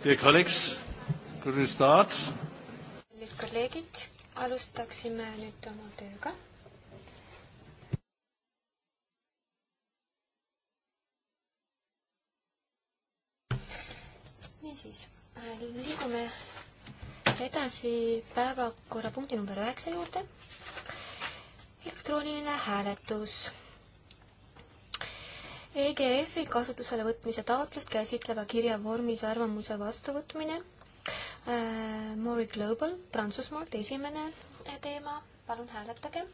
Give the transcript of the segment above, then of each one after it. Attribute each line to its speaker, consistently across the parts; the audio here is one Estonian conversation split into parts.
Speaker 1: Dear colleagues, could we start?
Speaker 2: kallid kolleegid, alustaksime nüüd oma tööga. niisiis, äh, liigume edasi päevakorrapunkti number üheksa juurde. elektrooniline hääletus EGF-i kasutusele võtmise taotlust käsitleva kirja vormis arvamuse vastuvõtmine. Äh, Mori Global Prantsusmaalt esimene äh, teema, palun hääletage.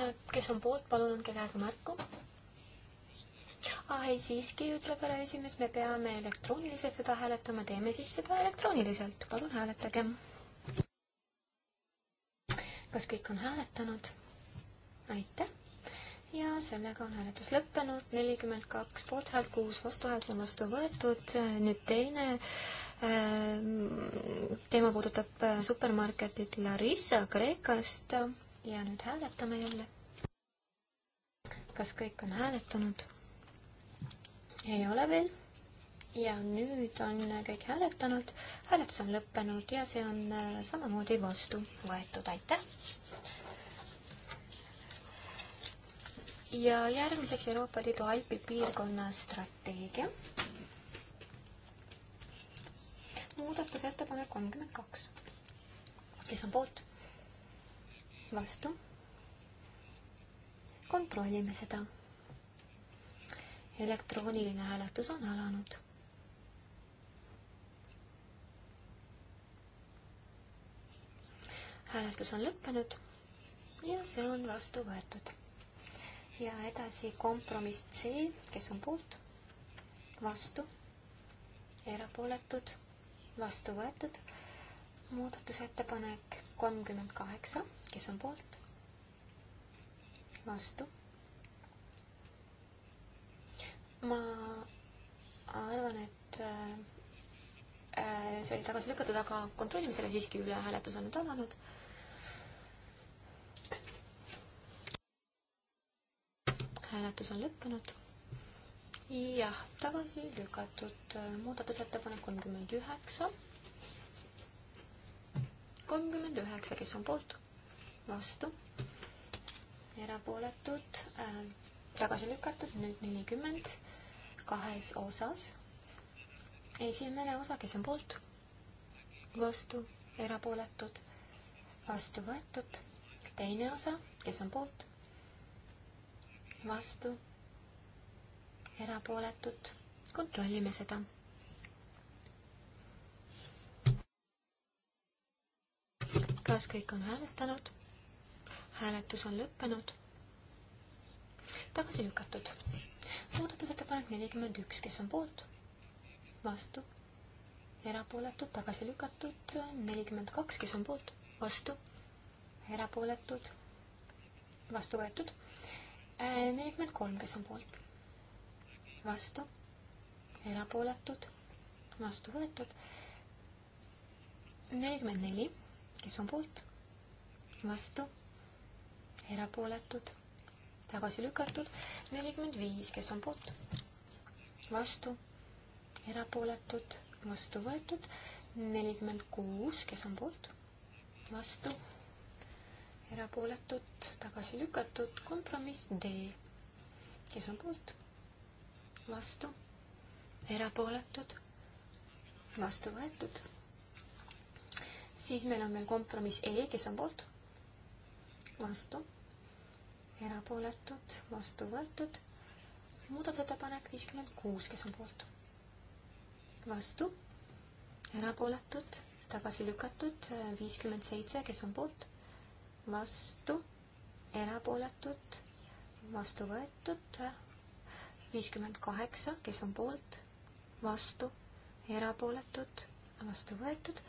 Speaker 2: Äh, kes on poolt, palun andke käega märku. ah ei, siiski, ütleb härra esimees, me peame elektrooniliselt seda hääletama, teeme siis seda elektrooniliselt, palun hääletage. kas kõik on hääletanud? aitäh ja sellega on hääletus lõppenud, nelikümmend kaks poolthäält, kuus vastuhäält on vastu võetud, nüüd teine ähm, teema puudutab äh, supermarketit Larissa Kreekast ja nüüd hääletame jälle. kas kõik on hääletanud? ei ole veel. ja nüüd on kõik hääletanud, hääletus on lõppenud ja see on äh, samamoodi vastu võetud, aitäh! ja järgmiseks Euroopa Liidu Alpi piirkonna strateegia. muudatusettepanek kolmkümmend kaks. kes on poolt? vastu? kontrollime seda. elektrooniline hääletus on alanud. hääletus on lõppenud ja see on vastu võetud ja edasi kompromiss C, kes on poolt, vastu, erapooletud, vastu võetud. muudatusettepanek kolmkümmend kaheksa, kes on poolt, vastu. ma arvan, et äh, äh see oli tagasi lükatud, aga kontrollime selle siiski üle, hääletus on nüüd alanud hääletus on lõppenud. jah, tagasi lükatud muudatusettepanek kolmkümmend üheksa. kolmkümmend üheksa, kes on poolt, vastu, erapooletud äh,, tagasi lükatud, nüüd nelikümmend kahes osas. esimene osa, kes on poolt, vastu, erapooletud, vastu võetud. teine osa, kes on poolt vastu, erapooletud, kontrollime seda. kas kõik on hääletanud? hääletus on lõppenud. tagasi lükatud. muudatusettepanek nelikümmend üks, kes on poolt? vastu, erapooletud, tagasi lükatud, nelikümmend kaks, kes on poolt? vastu, erapooletud, vastu võetud nelikümmend kolm, kes on poolt, vastu, erapooletud, vastu võetud. nelikümmend neli, kes on poolt, vastu, erapooletud, tagasi lükatud. nelikümmend viis, kes on poolt, vastu, erapooletud, vastu võetud. nelikümmend kuus, kes on poolt, vastu erapooletud, tagasi lükatud, kompromiss D. kes on poolt? vastu, erapooletud, vastu võetud. siis meil on veel kompromiss E, kes on poolt? vastu, erapooletud, vastu võetud. muudatusettepanek viiskümmend kuus, kes on poolt? vastu, erapooletud, tagasi lükatud, viiskümmend seitse, kes on poolt? vastu, erapooletud, vastu võetud, viiskümmend kaheksa, kes on poolt, vastu, erapooletud, vastu võetud,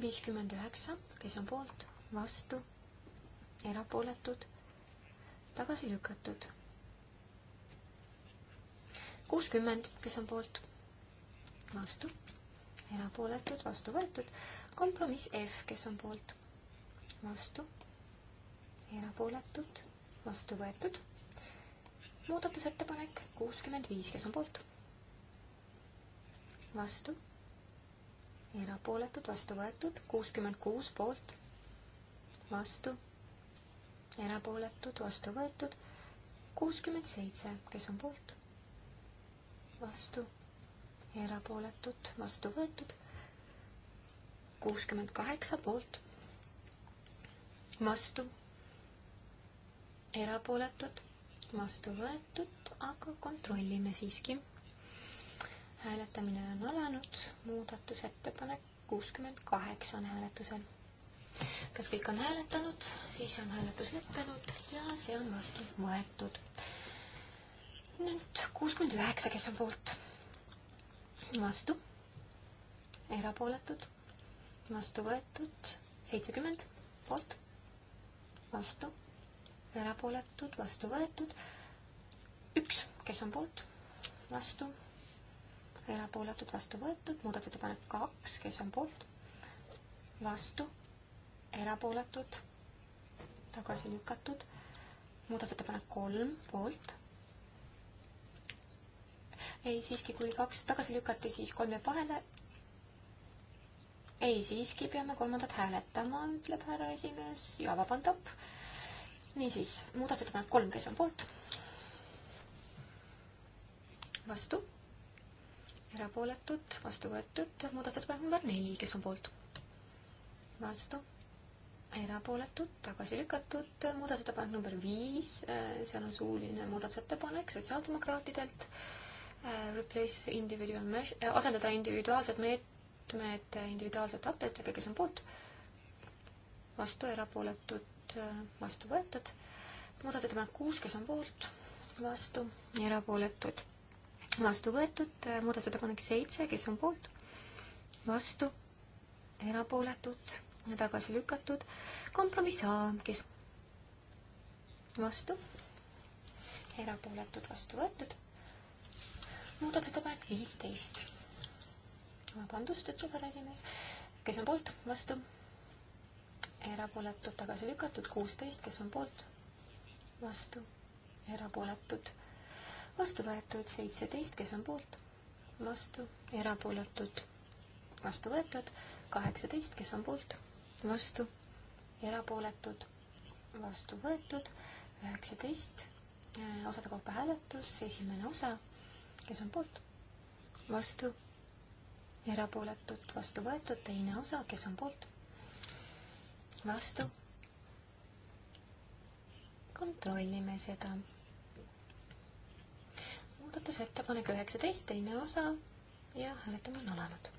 Speaker 2: viiskümmend üheksa, kes on poolt, vastu, erapooletud, tagasi lükatud. kuuskümmend, kes on poolt, vastu, erapooletud, vastu võetud, kompromiss F, kes on poolt, vastu erapooletud, vastu võetud. muudatusettepanek kuuskümmend viis, kes on poolt? vastu, erapooletud, vastu võetud, kuuskümmend kuus poolt, vastu, erapooletud, vastu võetud, kuuskümmend seitse, kes on poolt, vastu, erapooletud, vastu võetud, kuuskümmend kaheksa poolt, vastu erapooletud, vastu võetud, aga kontrollime siiski. hääletamine on alanud, muudatusettepanek kuuskümmend kaheksa on hääletusel. kas kõik on hääletanud, siis on hääletus lõppenud ja see on vastu võetud. nüüd kuuskümmend üheksa, kes on poolt? vastu, erapooletud, vastu võetud, seitsekümmend poolt, vastu erapooletud, vastu võetud. üks, kes on poolt, vastu, erapooletud, vastu võetud, muudatusettepanek kaks, kes on poolt, vastu, erapooletud, tagasi lükatud, muudatusettepanek kolm, poolt. ei, siiski, kui kaks tagasi lükati, siis kolm jääb vahele, ei, siiski peame kolmandat hääletama, ütleb härra esimees ja vabandab niisiis, muudatusettepanek kolm, kes on poolt? vastu. erapooletud, vastu võetud, muudatusettepanek number neli, kes on poolt? vastu. erapooletud, tagasi lükatud, muudatusettepanek number viis, äh, seal on suuline muudatusettepanek sotsiaaldemokraatidelt. Äh, replace individual measure, äh, asendada individuaalsed meetmed individuaalsete aktivitega, kes on poolt, vastu erapooletud poolt, vastu võetud. muudatusettepanek kuus, kes on poolt, vastu, erapooletud, vastu võetud. muudatusettepanek seitse, kes on poolt, vastu, erapooletud, tagasi lükatud. kompromiss A, kes vastu, erapooletud, vastu võetud. muudatusettepanek viisteist. vabandust, ütleb härra esimees, kes on poolt, vastu erapooletud, tagasi lükatud, kuusteist, kes on poolt, vastu, erapooletud, vastu võetud, seitseteist, kes on poolt, vastu, erapooletud, vastu võetud, kaheksateist, kes on poolt, vastu, erapooletud, vastu võetud, üheksateist, äh, osade kaupa hääletus, esimene osa, kes on poolt, vastu, erapooletud, vastu võetud, teine osa, kes on poolt vastu. kontrollime seda. muudatusettepanek üheksateist, teine osa ja hääletamine on alanud.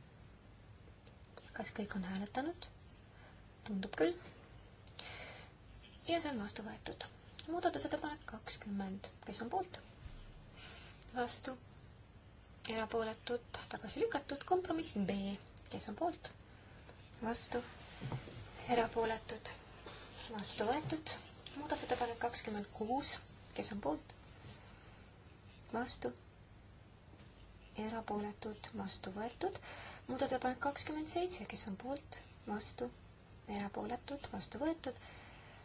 Speaker 2: kas kõik on hääletanud? tundub küll. ja see on vastu võetud. muudatusettepanek kakskümmend, kes on poolt? vastu, erapooletud, tagasi lükatud, kompromiss B, kes on poolt? vastu, erapooletud, vastu võetud. muudatusettepanek kakskümmend kuus, kes on poolt? vastu, erapooletud, vastu võetud. muudatusettepanek kakskümmend seitse, kes on poolt? vastu, erapooletud, vastu võetud.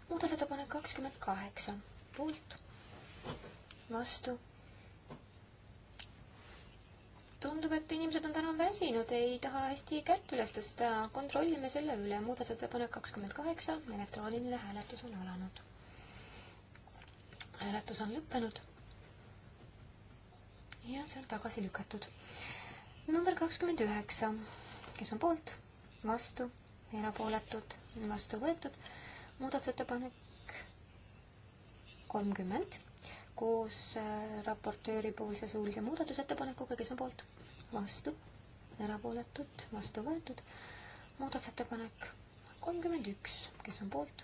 Speaker 2: muudatusettepanek kakskümmend kaheksa, poolt, vastu tundub, et inimesed on täna väsinud, ei taha hästi kätt üles tõsta. kontrollime selle üle. muudatusettepanek kakskümmend kaheksa, elektrooniline hääletus on alanud. hääletus on lõppenud. ja see on tagasi lükatud. number kakskümmend üheksa, kes on poolt, vastu, erapooletud, vastu võetud. muudatusettepanek kolmkümmend koos äh, raportööri poolse suulise muudatusettepanekuga, kes on poolt, vastu, erapooletud, vastu võetud. muudatusettepanek kolmkümmend üks, kes on poolt,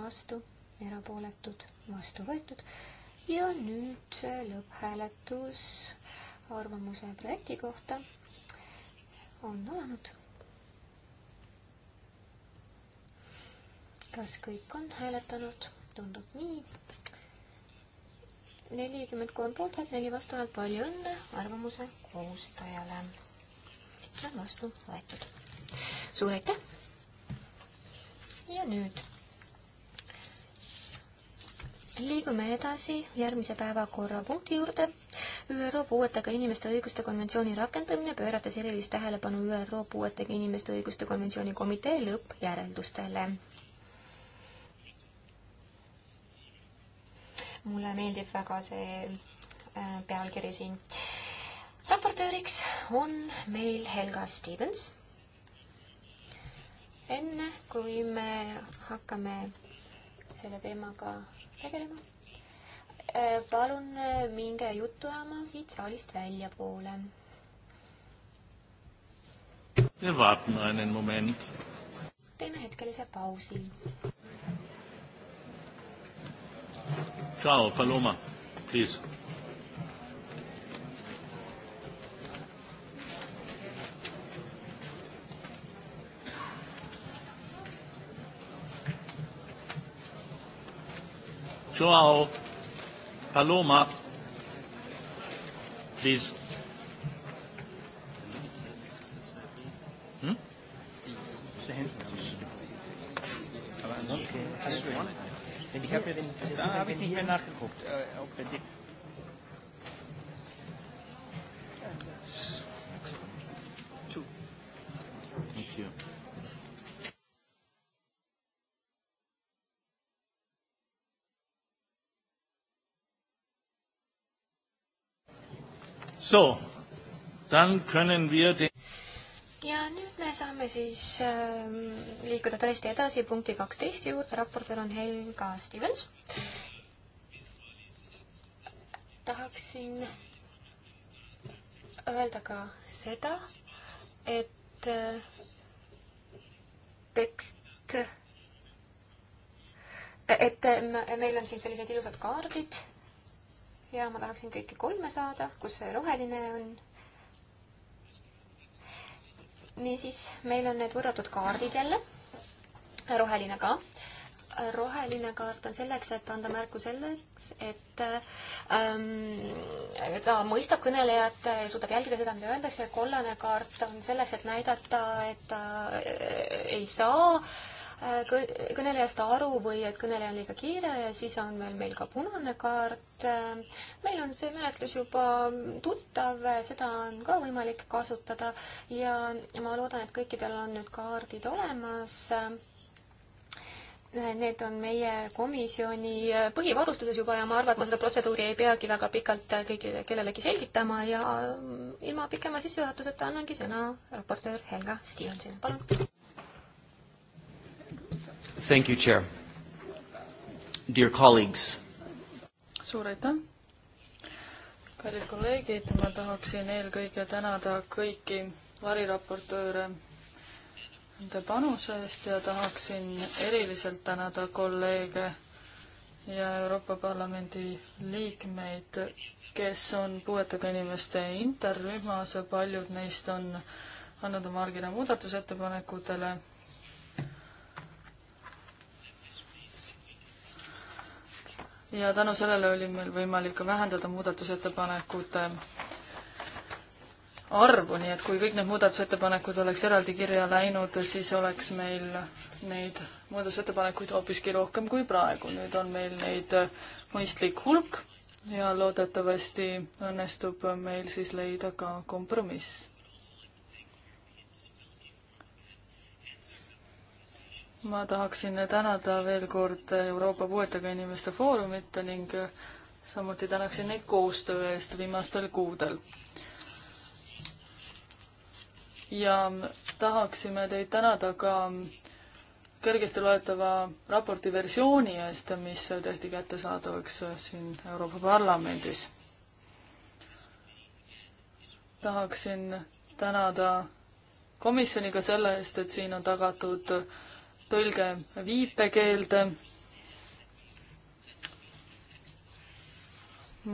Speaker 2: vastu, erapooletud, vastu võetud. ja nüüd äh, lõpphääletus arvamuse projekti kohta on olenud. kas kõik on hääletanud? tundub nii nelikümmend kolm poolt häält, neli vastuhäält, palju õnne arvamuse koostajale. ja vastu võetud. suur aitäh. ja nüüd liigume edasi järgmise päevakorrapunkti juurde. ÜRO puuetega inimeste õiguste konventsiooni rakendamine, pöörates erilist tähelepanu ÜRO puuetega inimeste õiguste konventsiooni komitee lõppjäreldustele mulle meeldib väga see äh, pealkiri siin. raportööriks on meil Helga Stevens. enne kui me hakkame selle teemaga tegelema, äh, palun äh, minge juttu ajama siit saalist väljapoole.
Speaker 1: Wir warten einen Moment.
Speaker 2: Teeme hetkelise pausi.
Speaker 1: Ciao, Paloma, please. Joao, Paloma, please.
Speaker 2: Denn ich habe ja den, da habe ich nicht mehr nachgeguckt, äh, ob wir den
Speaker 1: So, dann können wir den
Speaker 2: ja nüüd me saame siis äh, liikuda tõesti edasi punkti kaksteist juurde, raportöör on Helga Stevens. tahaksin öelda ka seda, et äh, tekst, et äh, meil on siin sellised ilusad kaardid ja ma tahaksin kõiki kolme saada, kus see roheline on niisiis, meil on need võrratud kaardid jälle, roheline ka. roheline kaart on selleks, et anda märku selleks, et ähm, ta mõistab kõnelejat ja suudab jälgida seda, mida öeldakse. kollane kaart on selleks, et näidata, et ta äh, ei saa äh, Äh, kõnelejast aru või et kõneleja on liiga kiire ja siis on veel meil ka punane kaart. Äh, meil on see menetlus juba tuttav, seda on ka võimalik kasutada ja ma loodan, et kõikidel on nüüd kaardid olemas äh, Need on meie komisjoni põhivarustuses juba ja ma arvan, et ma seda protseduuri ei peagi väga pikalt kõigile, kellelegi selgitama ja mm, ilma pikema sissejuhatuseta annangi sõna raportöör Helga Stevensonile, palun. Thank you,
Speaker 3: Chair. Dear colleagues. suur aitäh. kallid kolleegid, ma tahaksin eelkõige tänada kõiki variraportööre nende panuse eest ja tahaksin eriliselt tänada kolleege ja Euroopa Parlamendi liikmeid, kes on puuetega inimeste interrühmas, paljud neist on andnud oma allkirja muudatusettepanekutele ja tänu sellele oli meil võimalik vähendada muudatusettepanekute arvu, nii et kui kõik need muudatusettepanekud oleks eraldi kirja läinud, siis oleks meil neid muudatusettepanekuid hoopiski rohkem kui praegu. nüüd on meil neid mõistlik hulk ja loodetavasti õnnestub meil siis leida ka kompromiss. ma tahaksin tänada veel kord Euroopa Puuetega Inimeste Foorumit ning samuti tänaksin neid koostöö eest viimastel kuudel. ja tahaksime teid tänada ka kergesti loetava raporti versiooni eest, mis tehti kättesaadavaks siin Euroopa Parlamendis. tahaksin tänada komisjoni ka selle eest, et siin on tagatud tõlge viipekeelde.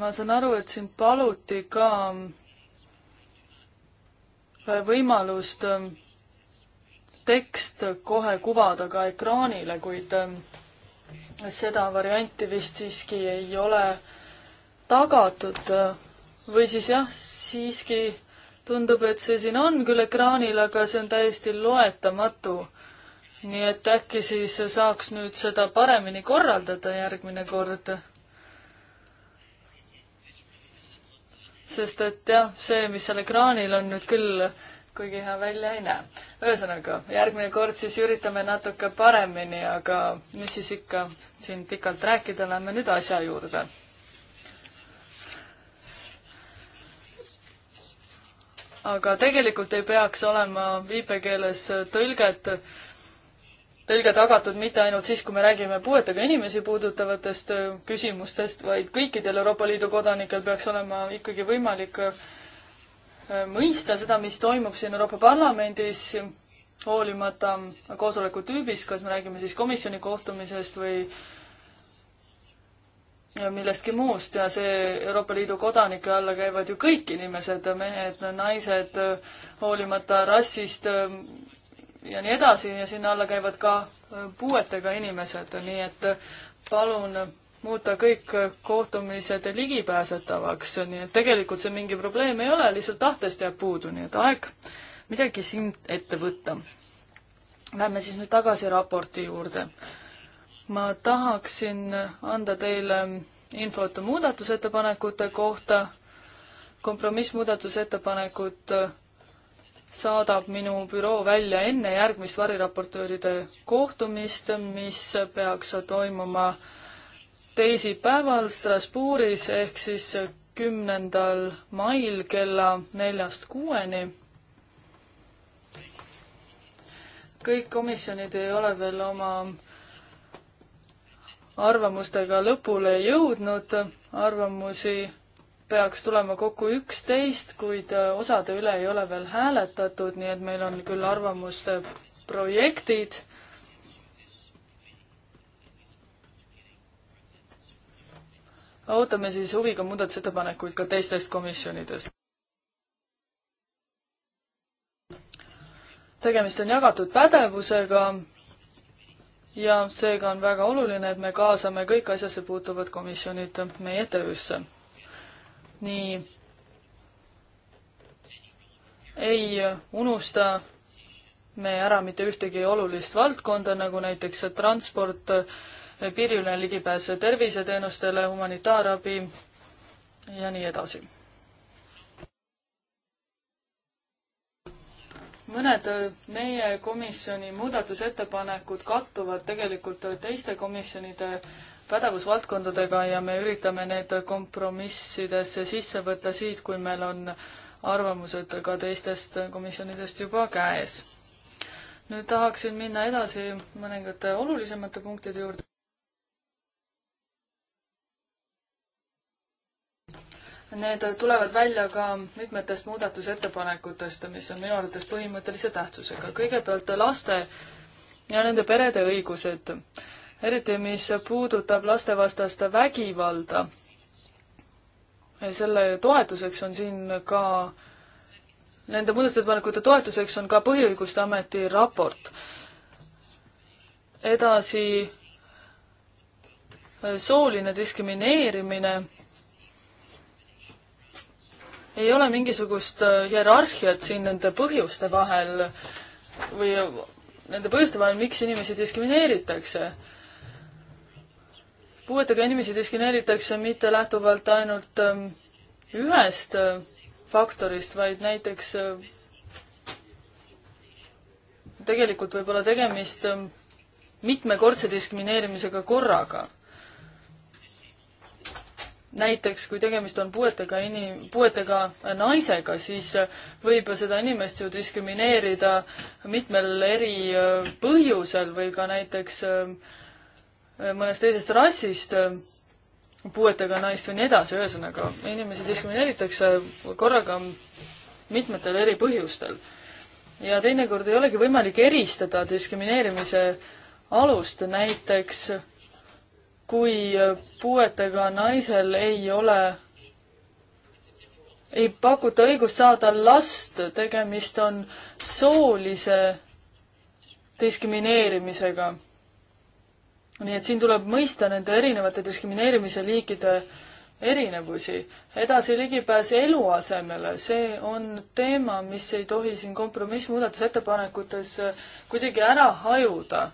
Speaker 3: ma saan aru, et siin paluti ka äh, võimalust äh, tekst kohe kuvada ka ekraanile, kuid äh, seda varianti vist siiski ei ole tagatud. või siis jah, siiski tundub, et see siin on küll ekraanil, aga see on täiesti loetamatu nii et äkki siis saaks nüüd seda paremini korraldada järgmine kord. sest et jah, see, mis seal ekraanil on nüüd küll kuigi hea välja ei näe. ühesõnaga, järgmine kord siis üritame natuke paremini, aga mis siis ikka siin pikalt rääkida, lähme nüüd asja juurde. aga tegelikult ei peaks olema viipekeeles tõlget tõlge tagatud mitte ainult siis, kui me räägime puuetega inimesi puudutavatest äh, küsimustest, vaid kõikidel Euroopa Liidu kodanikel peaks olema ikkagi võimalik äh, mõista seda, mis toimub siin Euroopa Parlamendis, hoolimata koosoleku tüübist, kas me räägime siis komisjoni kohtumisest või millestki muust ja see Euroopa Liidu kodanike alla käivad ju kõik inimesed, mehed, naised, hoolimata rassist, ja nii edasi ja sinna alla käivad ka äh, puuetega inimesed, nii et äh, palun äh, muuta kõik kohtumised ligipääsetavaks, nii et tegelikult see mingi probleem ei ole, lihtsalt tahtest jääb puudu, nii et aeg midagi siin ette võtta. Lähme siis nüüd tagasi raporti juurde. ma tahaksin anda teile mm, infot muudatusettepanekute kohta, kompromissmuudatusettepanekud saadab minu büroo välja enne järgmist variraportööride kohtumist, mis peaks toimuma teisipäeval Strasbourgis ehk siis kümnendal mail kella neljast kuueni. kõik komisjonid ei ole veel oma arvamustega lõpule jõudnud, arvamusi peaks tulema kokku üksteist, kuid äh, osade üle ei ole veel hääletatud, nii et meil on küll arvamuste projektid. ootame siis huviga muudatusettepanekuid ka teistest komisjonidest. tegemist on jagatud pädevusega ja seega on väga oluline, et me kaasame kõik asjasse puutuvad komisjonid meie töösse nii ei unusta me ära mitte ühtegi olulist valdkonda, nagu näiteks transport, piiriline ligipääs terviseteenustele, humanitaarabi ja nii edasi. mõned meie komisjoni muudatusettepanekud kattuvad tegelikult teiste komisjonide pädevusvaldkondadega ja me üritame need kompromissidesse sisse võtta siit, kui meil on arvamused ka teistest komisjonidest juba käes. nüüd tahaksin minna edasi mõningate olulisemate punktide juurde. Need tulevad välja ka mitmetest muudatusettepanekutest, mis on minu arvates põhimõttelise tähtsusega. kõigepealt laste ja nende perede õigused eriti mis puudutab lastevastast vägivalda. selle toetuseks on siin ka, nende muudatusettepanekute toetuseks on ka Põhiõiguste Ameti raport. edasi sooline diskrimineerimine ei ole mingisugust hierarhiat siin nende põhjuste vahel või nende põhjuste vahel, miks inimesi diskrimineeritakse puuetega inimesi diskrimineeritakse mitte lähtuvalt ainult ähm, ühest äh, faktorist, vaid näiteks äh, tegelikult võib olla tegemist ähm, mitmekordse diskrimineerimisega korraga. näiteks kui tegemist on puuetega inim-, puuetega naisega, siis äh, võib seda inimest ju diskrimineerida mitmel eri põhjusel või ka näiteks äh, Äh, mõnest teisest rassist, äh, puuetega naist või nii edasi, ühesõnaga inimesi diskrimineeritakse korraga mitmetel eri põhjustel. ja teinekord ei olegi võimalik eristada diskrimineerimise alust, näiteks kui äh, puuetega naisel ei ole, ei pakuta õigust saada last, tegemist on soolise diskrimineerimisega nii et siin tuleb mõista nende erinevate diskrimineerimise liikide erinevusi. edasi ligipääs eluasemele, see on teema, mis ei tohi siin kompromissmuudatusettepanekutes kuidagi ära hajuda.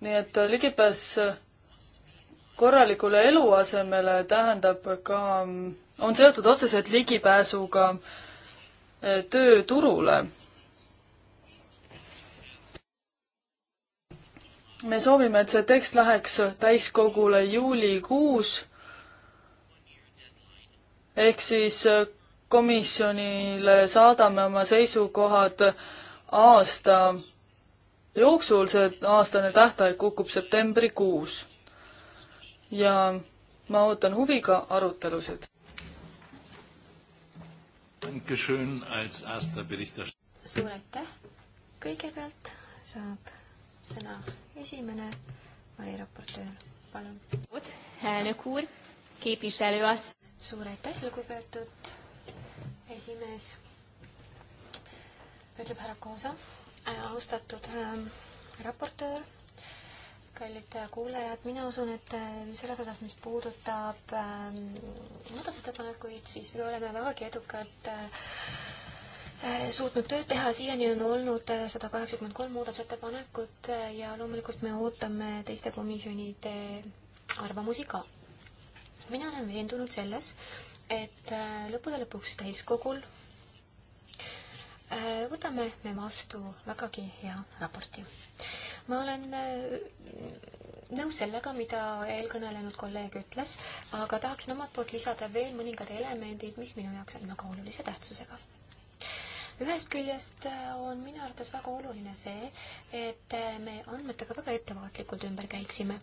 Speaker 3: nii et ligipääs korralikule eluasemele tähendab ka, on seotud otseselt ligipääsuga eh, tööturule me soovime, et see tekst läheks täiskogule juulikuus ehk siis komisjonile saadame oma seisukohad aasta jooksul, see aastane tähtaeg kukub septembrikuus. ja ma ootan huviga arutelusid.
Speaker 2: suur aitäh, kõigepealt saab sõna esimene variraportöör, palun. Lukur, keepiseluas. suur aitäh, lugupeetud esimees, ütleb härra Koosa, austatud ähm, raportöör kallid kuulajad, mina usun, et äh, selles osas, mis puudutab ähm, muudatusettepanekuid, siis me oleme vägagi edukad äh, Äh, suutnud tööd teha, siiani on olnud äh, sada kaheksakümmend kolm muudatusettepanekut äh, ja loomulikult me ootame teiste komisjonide arvamusi ka. mina olen veendunud selles, et lõppude lõpuks täiskogul võtame me vastu vägagi hea raporti. ma olen nõus sellega, mida eelkõnelenud kolleeg ütles, aga tahaksin omalt poolt lisada veel mõningad elemendid, mis minu jaoks on väga olulise tähtsusega ühest küljest äh, on minu arvates väga oluline see, et äh, me andmetega väga ettevaatlikult ümber käiksime.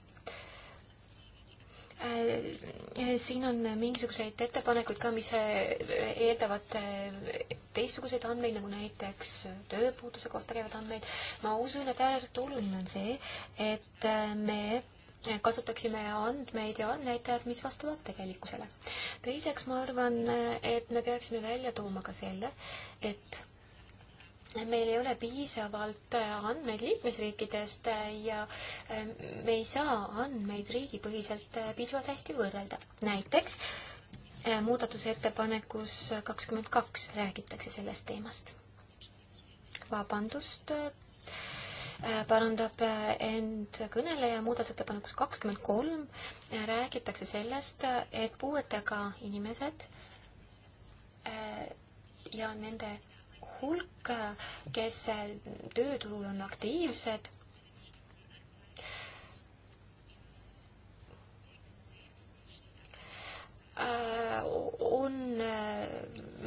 Speaker 2: Äh, siin on mingisuguseid ettepanekuid ka, mis eeldavad teistsuguseid andmeid, nagu näiteks tööpuuduse kohta käivad andmeid. ma usun, et ääretult oluline on see, et me kasutaksime andmeid ja näitajad, mis vastavad tegelikkusele. teiseks, ma arvan, et me peaksime välja tooma ka selle, et meil ei ole piisavalt andmeid liikmesriikidest ja ähm, me ei saa andmeid riigipõhiselt piisavalt hästi võrrelda. näiteks äh, muudatusettepanekus kakskümmend kaks räägitakse sellest teemast. vabandust, Äh, parandab äh, end kõneleja muudatusettepanekus kakskümmend kolm, äh, räägitakse sellest, et puuetega inimesed ja nende hulk, kes tööturul on aktiivsed, on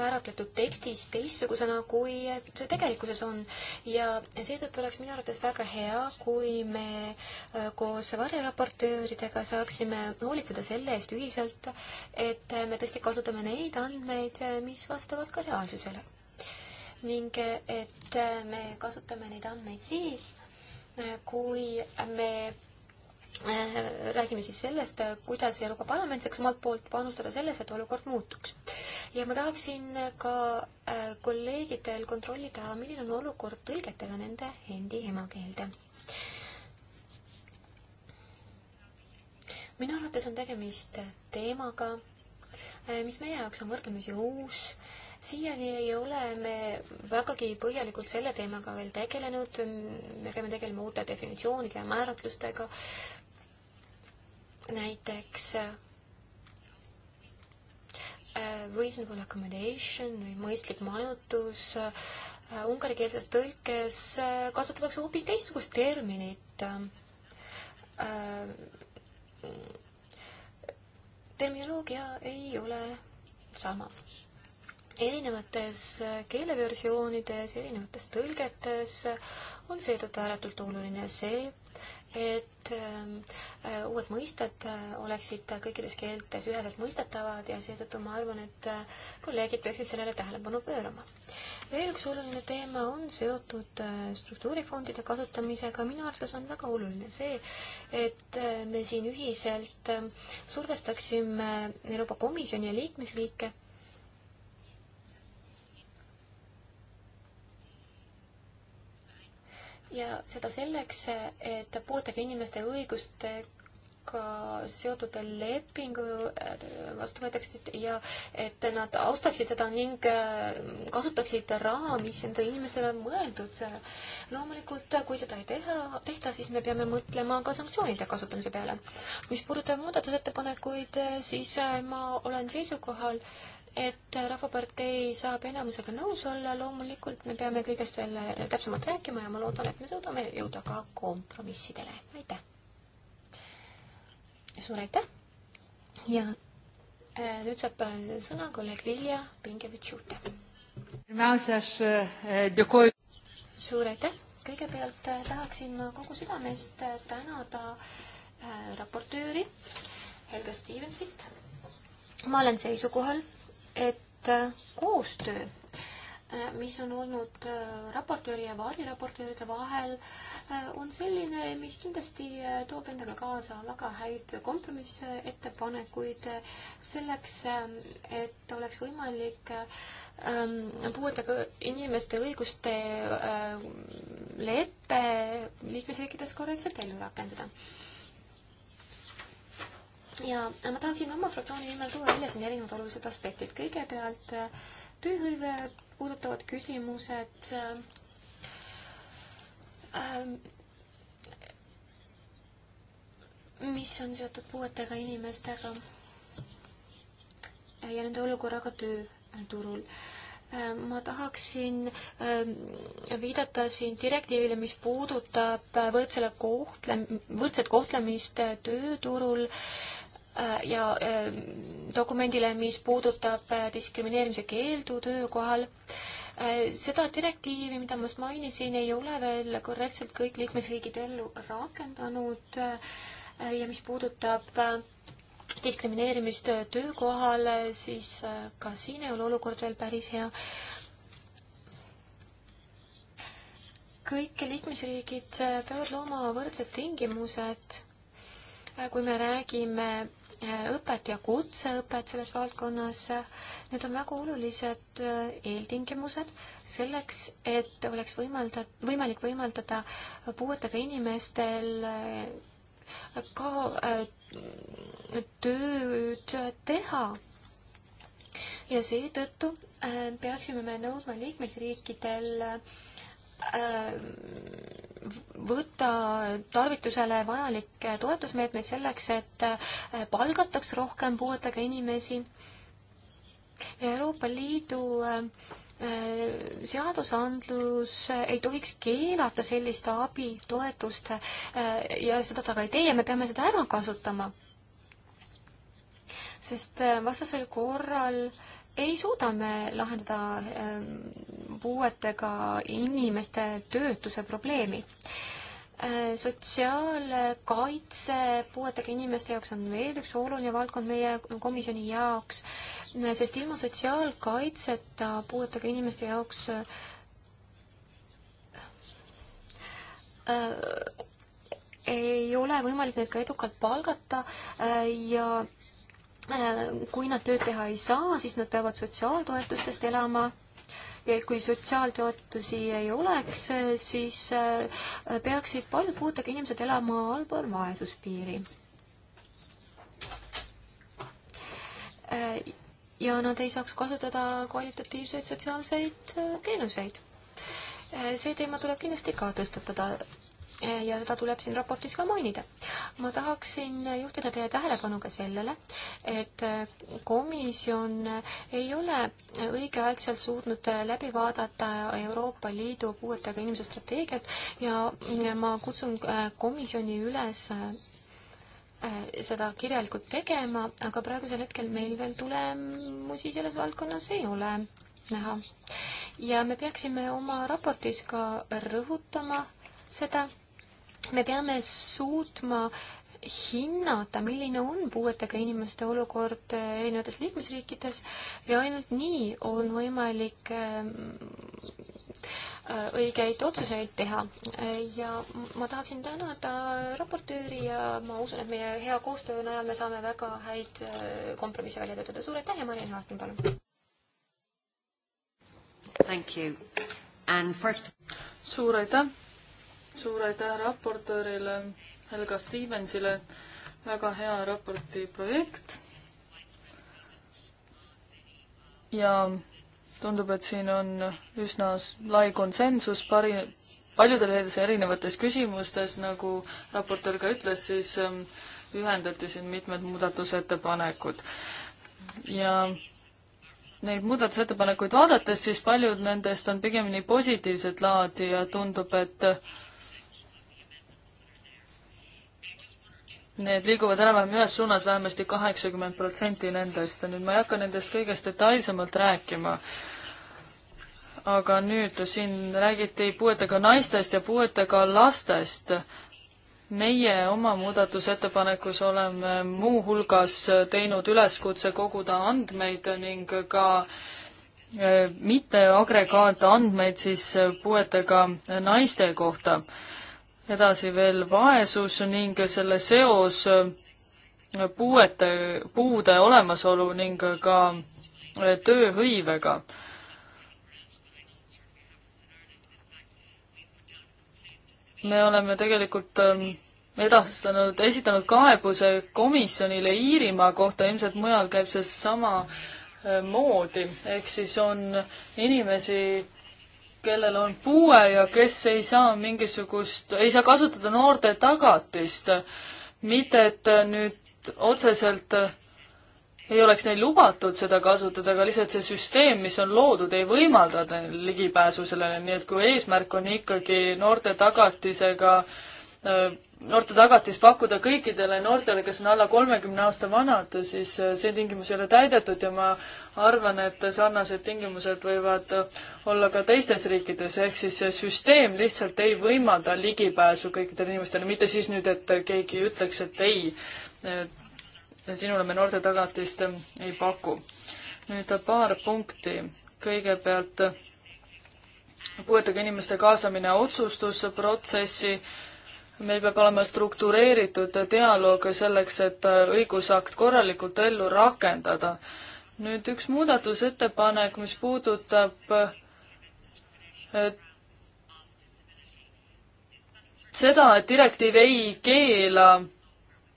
Speaker 2: määratletud tekstis teistsugusena, kui see tegelikkuses on. ja seetõttu oleks minu arvates väga hea, kui me äh, koos varjeraportööridega saaksime hoolitseda selle eest ühiselt, et me tõesti kasutame neid andmeid, äh, mis vastavad ka reaalsusele. ning äh, et me kasutame neid andmeid siis, kui me Äh, räägime siis sellest, äh, kuidas Euroopa Parlament saaks omalt poolt panustada selles, et olukord muutuks. ja ma tahaksin ka äh, kolleegidel kontrollida, milline on olukord tõlgetega nende endi emakeelde. minu arvates on tegemist teemaga, mis meie jaoks on võrdlemisi uus siiani ei ole me vägagi põhjalikult selle teemaga veel tegelenud, me peame tegelema uute definitsioonide ja määratlustega, näiteks äh, reasonable accommodation või mõistlik majutus, äh, ungarikeelses tõlkes äh, kasutatakse hoopis teistsugust terminit. Mm, terminoloogia ei ole sama erinevates äh, keeleversioonides, erinevates tõlgetes äh, on seetõttu ääretult oluline see, et ähm, äh, uued mõisted oleksid kõikides keeltes üheselt mõistetavad ja seetõttu ma arvan, et kolleegid peaksid sellele tähelepanu pöörama veel üks oluline teema on seotud struktuurifondide kasutamisega. minu arvates on väga oluline see, et me siin ühiselt survestaksime Euroopa Komisjoni ja liikmesriike ja seda selleks, et puuetega inimeste õigustega seotud lepingu äh, vastu võetaksid ja et nad austaksid teda ning äh, kasutaksid raha, mis nendele inimestele on mõeldud. loomulikult, kui seda ei teha, tehta, siis me peame mõtlema ka sanktsioonide kasutamise peale. mis puudutab muudatusettepanekuid, siis äh, ma olen seisukohal äh,, et Rahvapartei saab enamusega nõus olla, loomulikult me peame kõigest veel täpsemalt rääkima ja ma loodan, et me suudame jõuda ka kompromissidele, aitäh! suur aitäh ja äh, nüüd saab äh, sõna kolleeg Vilja Pingevitš-Jute. Äh, suur aitäh, kõigepealt tahaksin ma kogu südamest tänada raportööri Helga Stevensit, ma olen seisukohal, et äh, koostöö, äh, mis on olnud äh, raportööri ja variraportööride vahel, on selline, mis kindlasti toob endaga kaasa väga häid kompromissettepanekuid selleks, ähm, et oleks võimalik ähm, puuetega inimeste õiguste leppe liikmesriikides korrektselt ellu rakendada ja ma tahaksin oma fraktsiooni nimel tuua välja siin erinevad olulised aspektid. kõigepealt äh, tööhõive puudutavad küsimused ähm, mis on seotud puuetega inimestega ja nende olukorraga tööturul. Äh, ma tahaksin viidata siin direktiivile, mis puudutab võrdsele kohtle-, võrdset kohtlemist tööturul Äh, ja äh, dokumendile, mis puudutab äh, diskrimineerimise keeldu töökohal. seda direktiivi, mida ma just mainisin, ei ole veel korrektselt kõik liikmesriigid ellu rakendanud ja mis puudutab diskrimineerimist töökohal, siis ka siin ei ole olukord veel päris hea. kõik liikmesriigid peavad looma võrdsed tingimused kui me räägime õpet ja kutseõpet selles valdkonnas. Need on väga olulised äh, eeltingimused selleks, et oleks võimalda, võimalik võimaldada puuetega inimestel äh, ka äh, tööd teha ja seetõttu peaksime me nõudma liikmesriikidel äh, Ehm, võtta tarvitusele vajalikke toetusmeetmeid selleks, et äh, palgataks rohkem puuetega inimesi. Euroopa Liidu äh, äh, seadusandlus ei tohiks keelata sellist abi, toetust ja seda ta ka ei tee ja me peame seda ära kasutama. sest vastasel korral äh, ei suuda me lahendada ähm, puuetega inimeste töötuse probleemi. Äh, sotsiaalkaitse puuetega inimeste jaoks on veel üks oluline valdkond meie komisjoni jaoks, sest ilma sotsiaalkaitseta puuetega inimeste jaoks äh, ei ole võimalik neid ka edukalt palgata äh, ja Äh, kui nad tööd teha ei saa, siis nad peavad sotsiaaltoetustest elama ja kui sotsiaaltoetusi ei oleks, siis äh, peaksid paljud puudega inimesed elama allpool vaesuspiiri. Äh, ja nad ei saaks kasutada kvalitatiivseid sotsiaalseid teenuseid. see teema tuleb kindlasti ka tõstatada ja seda tuleb siin raportis ka mainida. ma tahaksin juhtida teie tähelepanu ka sellele, et komisjon ei ole õigeaegselt suutnud läbi vaadata Euroopa Liidu puuetega inimese strateegiat ja ma kutsun komisjoni üles äh, seda kirjalikult tegema, aga praegusel hetkel meil veel tulemusi selles valdkonnas ei ole näha. ja me peaksime oma raportis ka rõhutama seda, me peame suutma hinnata, milline on puuetega inimeste olukord eh, erinevates liikmesriikides ja ainult nii on võimalik eh, õigeid otsuseid teha. Eh, ja ma tahaksin tänada raportööri ja ma usun, et meie hea koostöö najal me saame väga häid kompromisse välja töötada. suur aitäh ja Mariann Hartmann, palun!
Speaker 3: Thank you and first... suur aitäh! suur aitäh raportöörile Helga Stevensile, väga hea raporti projekt. ja tundub, et siin on üsna lai konsensus pari, paljudes erinevates küsimustes, nagu raportöör ka ütles, siis ähm, ühendati siin mitmed muudatusettepanekud. ja neid muudatusettepanekuid vaadates, siis paljud nendest on pigemini positiivset laadi ja tundub, et Need liiguvad enam-vähem ühes suunas vähemasti kaheksakümmend protsenti nendest ja nüüd ma ei hakka nendest kõigest detailsemalt rääkima. aga nüüd siin räägiti puuetega naistest ja puuetega lastest. meie oma muudatusettepanekus oleme muuhulgas teinud üleskutse koguda andmeid ning ka eh, mitteagregaatandmeid siis puuetega naiste kohta edasi veel vaesus ning selle seos äh, puuete, puude olemasolu ning ka äh, tööhõivega. me oleme tegelikult ähm, edastanud, esitanud kaebuse komisjonile Iirimaa kohta, ilmselt mujal käib see sama äh, moodi, ehk siis on inimesi kellel on puue ja kes ei saa mingisugust, ei saa kasutada noorte tagatist. mitte, et nüüd otseselt ei oleks neil lubatud seda kasutada, aga lihtsalt see süsteem, mis on loodud, ei võimalda neil ligipääsu sellele, nii et kui eesmärk on ikkagi noorte tagatisega äh, noorte tagatist pakkuda kõikidele noortele, kes on alla kolmekümne aasta vanad, siis äh, see tingimus ei ole täidetud ja ma arvan, et sarnased tingimused võivad äh, olla ka teistes riikides, ehk siis see süsteem lihtsalt ei võimalda ligipääsu kõikidele inimestele, mitte siis nüüd, et äh, keegi ütleks, et ei, sinule me noorte tagatist ei paku. nüüd paar punkti. kõigepealt puuetega inimeste kaasamine otsustusprotsessi meil peab olema struktureeritud dialoog selleks, et õigusakt korralikult ellu rakendada. nüüd üks muudatusettepanek, mis puudutab seda, et direktiiv ei keela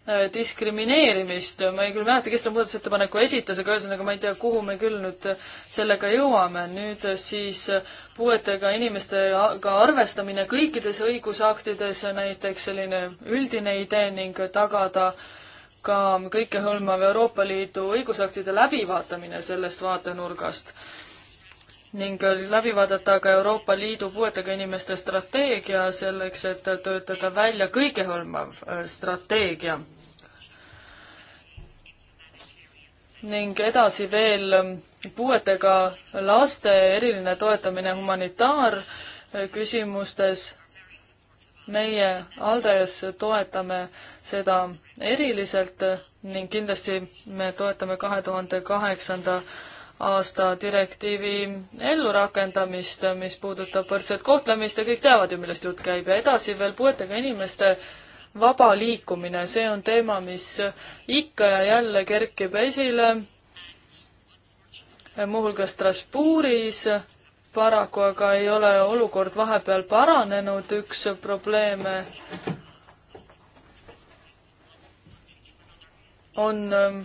Speaker 3: Äh, diskrimineerimist, ma ei küll mäleta, kes selle muudatusettepaneku esitas, aga ühesõnaga ma ei tea, kuhu me küll nüüd äh, sellega jõuame. nüüd äh, siis puuetega inimestega arvestamine kõikides õigusaktides, näiteks selline üldine idee ning tagada ka kõikehõlmav Euroopa Liidu õigusaktide läbivaatamine sellest vaatenurgast ning läbi vaadata ka Euroopa Liidu puuetega inimeste strateegia selleks, et töötada välja kõigehõlmav äh, strateegia. ning edasi veel ähm, puuetega laste eriline toetamine humanitaarküsimustes. Äh, meie Aldes toetame seda eriliselt äh, ning kindlasti me toetame kahe tuhande kaheksanda aasta direktiivi ellurakendamist, mis puudutab võrdset kohtlemist ja kõik teavad ju, millest jutt käib ja edasi veel puuetega inimeste vaba liikumine, see on teema, mis ikka ja jälle kerkib esile, muuhulgas Strasbourgis, paraku aga ei ole olukord vahepeal paranenud, üks probleeme on ähm,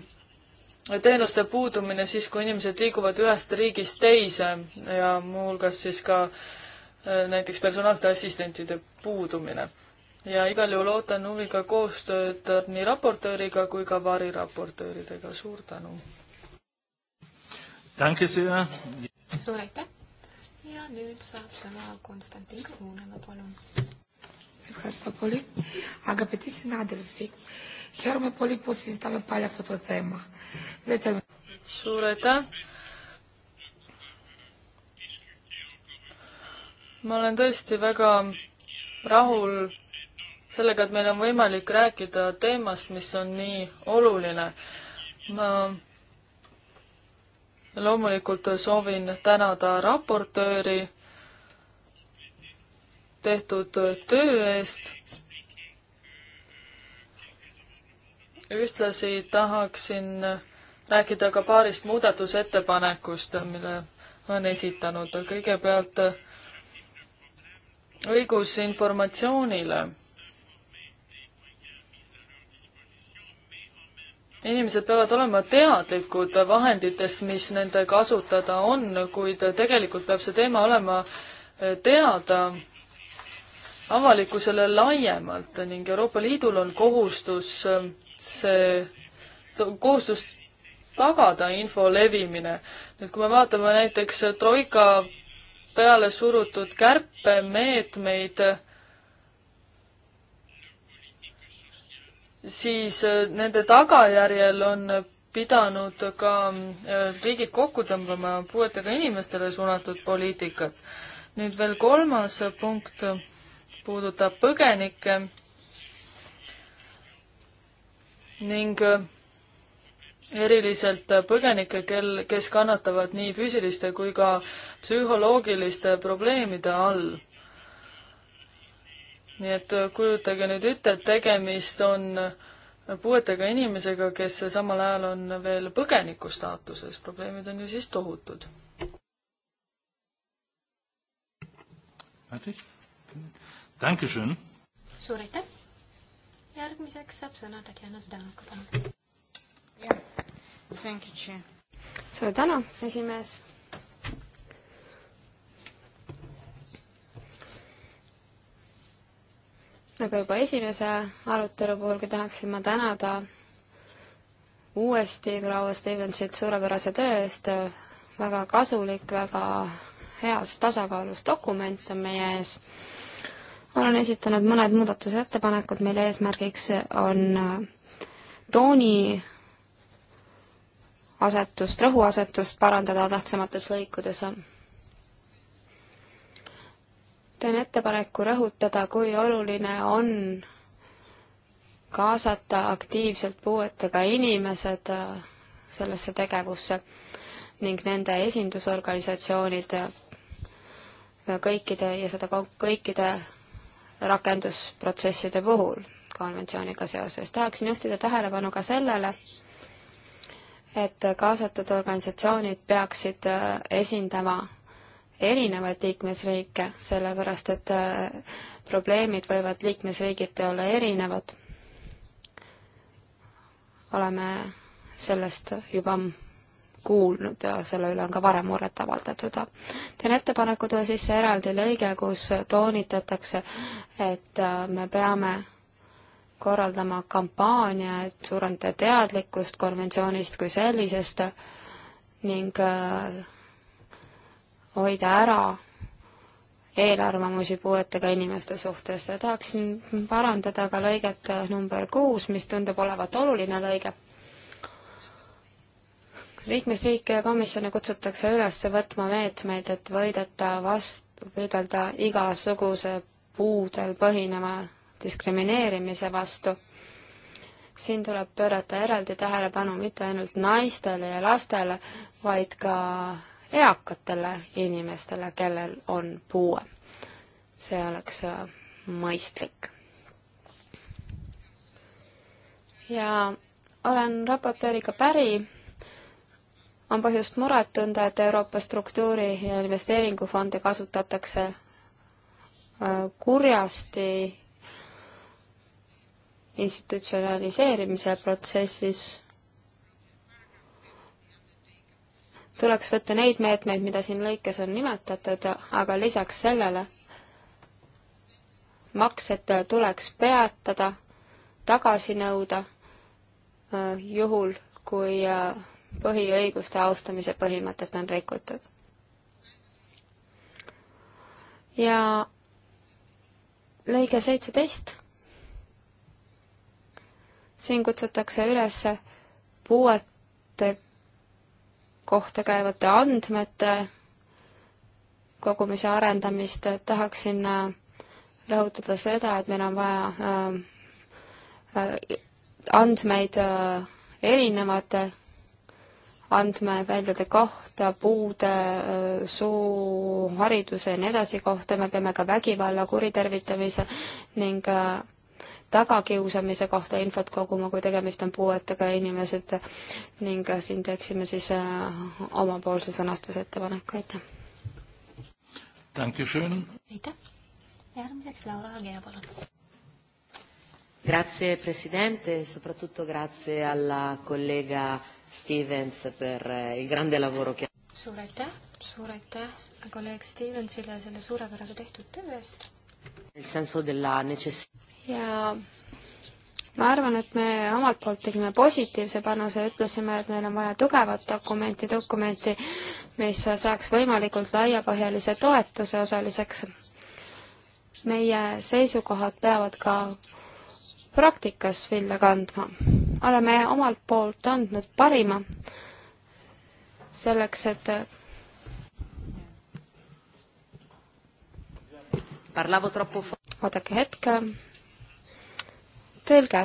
Speaker 3: teenuste puudumine siis, kui inimesed liiguvad ühest riigist teise ja muuhulgas siis ka äh, näiteks personaalsete assistentide puudumine. ja igal juhul ootan huviga koostööd nii raportööriga kui ka variraportööridega, suur tänu!
Speaker 2: suur aitäh! ja nüüd saab sõna Konstantin Kõhunemaa, palun!
Speaker 1: Χαίρομαι πολύ που συζητάμε πάλι αυτό το θέμα. Suur aitäh!
Speaker 3: ma olen tõesti väga rahul sellega, et meil on võimalik rääkida teemast, mis on nii oluline. ma loomulikult soovin tänada raportööri tehtud töö eest ühtlasi tahaksin rääkida ka paarist muudatusettepanekust, mille on esitanud. kõigepealt õigus informatsioonile. inimesed peavad olema teadlikud vahenditest, mis nende kasutada on, kuid tegelikult peab see teema olema teada avalikkusele laiemalt ning Euroopa Liidul on kohustus see kohustus tagada info levimine. nüüd, kui me vaatame näiteks Troika peale surutud kärpemeetmeid, siis äh, nende tagajärjel on pidanud ka äh, riigid kokku tõmbama puuetega inimestele suunatud poliitikat. nüüd veel kolmas punkt puudutab põgenikke ning äh, eriliselt äh, põgenikke, kel, kes kannatavad nii füüsiliste kui ka psühholoogiliste probleemide all. nii et äh, kujutage nüüd ette, et tegemist on puuetega inimesega, kes samal ajal on veel põgeniku staatuses, probleemid on ju siis tohutud.
Speaker 2: suur aitäh! järgmiseks saab sõna Tatjana Zdanka, palun.
Speaker 1: jah, thank you, Chair. suur tänu, esimees. nagu juba esimese arutelu puhul, kui tahaksin ma tänada uuesti proua Stevensit suurepärase töö eest, väga kasulik, väga heas tasakaalus dokument on meie ees olen esitanud mõned muudatusettepanekud, mille eesmärgiks on äh, tooni asetust, rõhuasetust parandada tähtsamates lõikudes. teen ettepaneku rõhutada, kui oluline on kaasata aktiivselt puuetega inimesed äh, sellesse tegevusse ning nende esindusorganisatsioonid äh, kõikide ja seda kõikide rakendusprotsesside puhul konventsiooniga seoses. tahaksin juhtida tähelepanu ka sellele, et kaasatud organisatsioonid peaksid äh, esindama erinevaid liikmesriike, sellepärast et äh, probleemid võivad liikmesriigiti olla erinevad. oleme sellest juba kuulnud ja selle üle on ka varem muret avaldatud. teen ettepaneku tuua sisse eraldi lõige, kus toonitatakse, et äh, me peame korraldama kampaania, et suurendada teadlikkust konventsioonist kui sellisest ning äh, hoida ära eelarvamusi puuetega inimeste suhtes ja tahaksin parandada ka lõiget äh, number kuus, mis tundub olevat oluline lõige liikmesriike ja komisjone kutsutakse üles võtma meetmeid, et võideta vast-, võidelda igasuguse puudel põhineva diskrimineerimise vastu. siin tuleb pöörata eraldi tähelepanu mitte ainult naistele ja lastele, vaid ka eakatele inimestele, kellel on puue. see oleks äh, mõistlik. ja olen raportööriga päri on põhjust muret tunda, et Euroopa struktuuri- ja investeeringufonde kasutatakse äh, kurjasti institutsionaliseerimise protsessis. tuleks võtta neid meetmeid, mida siin lõikes on nimetatud, aga lisaks sellele maksed tuleks peatada, tagasi nõuda, äh, juhul kui äh, põhiõiguste austamise põhimõtet on rikutud. ja lõige seitseteist. siin kutsutakse üles puuete kohta käivate andmete kogumise arendamist, tahaksin äh, rõhutada seda, et meil on vaja äh, äh, andmeid erinevate andmeväljade kohta, puude, suu, hariduse ja nii edasi kohta, me peame ka vägivalla kuritarvitamise ning äh, tagakiusamise kohta infot koguma, kui tegemist on puuetega inimesed ning äh, siin teeksime siis äh, omapoolse sõnastusettepaneku, aitäh.
Speaker 2: aitäh. järgmiseks Laura Agea, palun.
Speaker 1: Grazie Presidente e soprattutto grazie alla collega Stevens per il eh, grande lavoro che
Speaker 2: suur aitäh, suur aitäh kolleeg Stevensile selle suurepärase tehtud töö eest.
Speaker 1: ja ma arvan, et me omalt poolt tegime positiivse panuse, ütlesime, et meil on vaja tugevat dokumenti, dokumenti, mis saaks võimalikult laiapõhjalise toetuse osaliseks. meie seisukohad peavad ka praktikas vilja kandma oleme omalt poolt andnud parima selleks, et oodake hetk, tõlge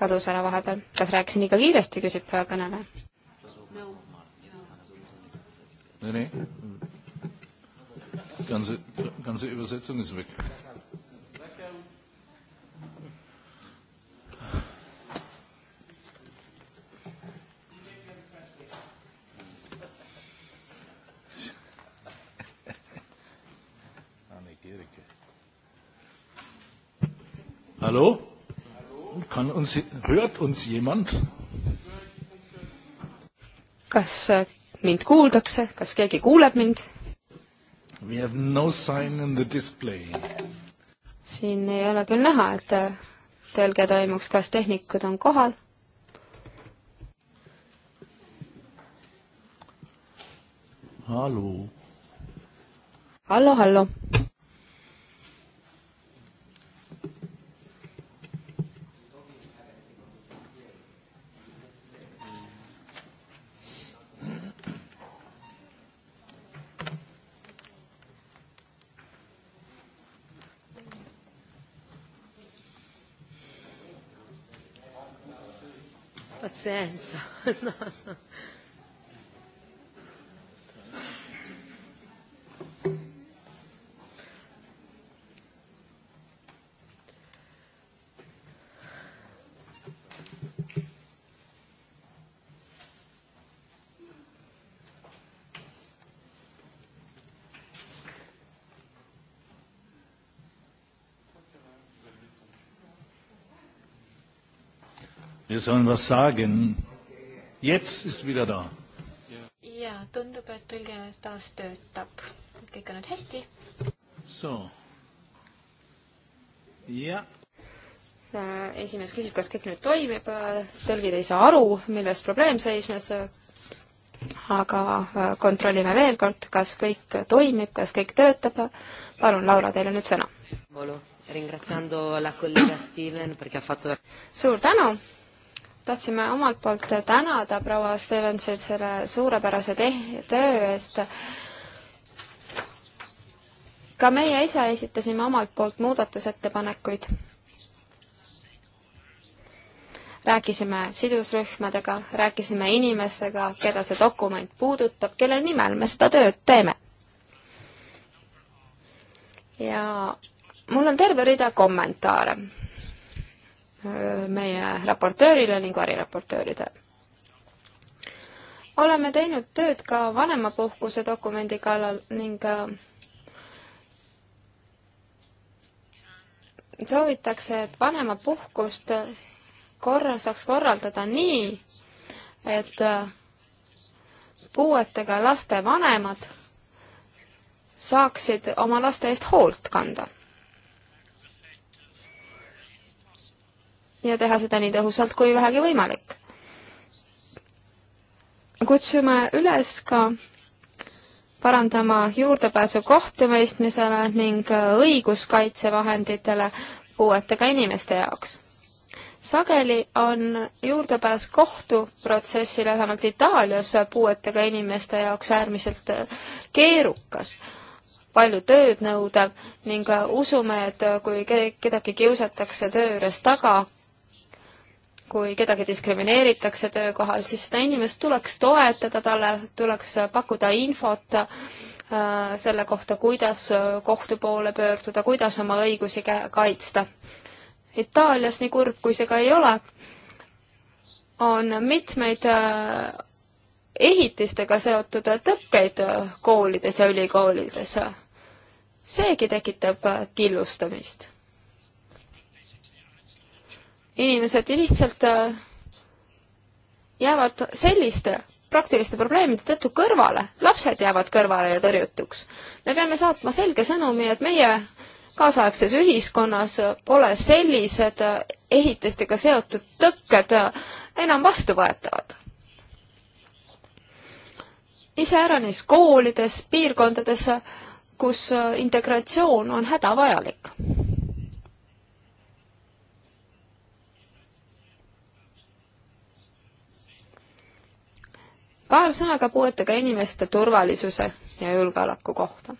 Speaker 1: kadus ära vahepeal. kas rääkisin liiga kiiresti, küsib kõneleja. Ganze, ganze Übersetzung ist weg. Hallo? Kann uns, hört uns jemand? kas äh, mind kuuldakse, kas keegi kuuleb mind? We have no sign in the display. siin ei ole küll näha, et äh, telge toimuks, kas tehnikud on kohal? hallo. hallo, hallo. senso. No, no. Wir sollen was sagen. Jetzt ist wieder da.
Speaker 2: ja tundub, et tõlge taas töötab.
Speaker 1: kõik on nüüd hästi. So. jah. Äh, esimees küsib, kas kõik nüüd toimib, äh, tõlgid ei saa aru, milles probleem seisnes, aga äh, kontrollime veel kord, kas kõik toimib, kas kõik töötab. palun, Laura, teil on nüüd sõna. suur tänu tahtsime omalt poolt tänada proua Stevensit selle suurepärase töö eest. ka meie ise esitasime omalt poolt muudatusettepanekuid. rääkisime sidusrühmadega, rääkisime inimestega, keda see dokument puudutab, kelle nimel me seda tööd teeme. ja mul on terve rida kommentaare meie raportöörile ning variraportööridele. oleme teinud tööd ka vanemapuhkuse dokumendi kallal ning äh, soovitakse, et vanemapuhkust korra saaks korraldada nii, et äh, puuetega laste vanemad saaksid oma laste eest hoolt kanda ja teha seda nii tõhusalt kui vähegi võimalik. kutsume üles ka parandama juurdepääsu kohtumõistmisele ning õiguskaitsevahenditele puuetega inimeste jaoks. sageli on juurdepääs kohtuprotsessile vähemalt Itaalias puuetega inimeste jaoks äärmiselt keerukas, palju tööd nõudev ning usume, et kui kedagi kiusatakse töö juures taga, kui kedagi diskrimineeritakse töökohal, siis seda inimest tuleks toetada, talle tuleks pakkuda infot äh, selle kohta, kuidas kohtu poole pöörduda, kuidas oma õigusi kaitsta. Itaalias, nii kurb kui see ka ei ole, on mitmeid äh, ehitistega seotud tõkkeid äh, koolides ja ülikoolides. seegi tekitab killustamist inimesed lihtsalt äh, jäävad selliste praktiliste probleemide tõttu kõrvale, lapsed jäävad kõrvale ja tõrjutuks. me peame saatma selge sõnumi, et meie kaasaegses ühiskonnas pole sellised äh, ehitistega seotud tõkked äh, enam vastuvõetavad. iseäranis koolides, piirkondades, kus integratsioon on hädavajalik paar sõna ka puuetega inimeste turvalisuse ja julgeoleku kohta.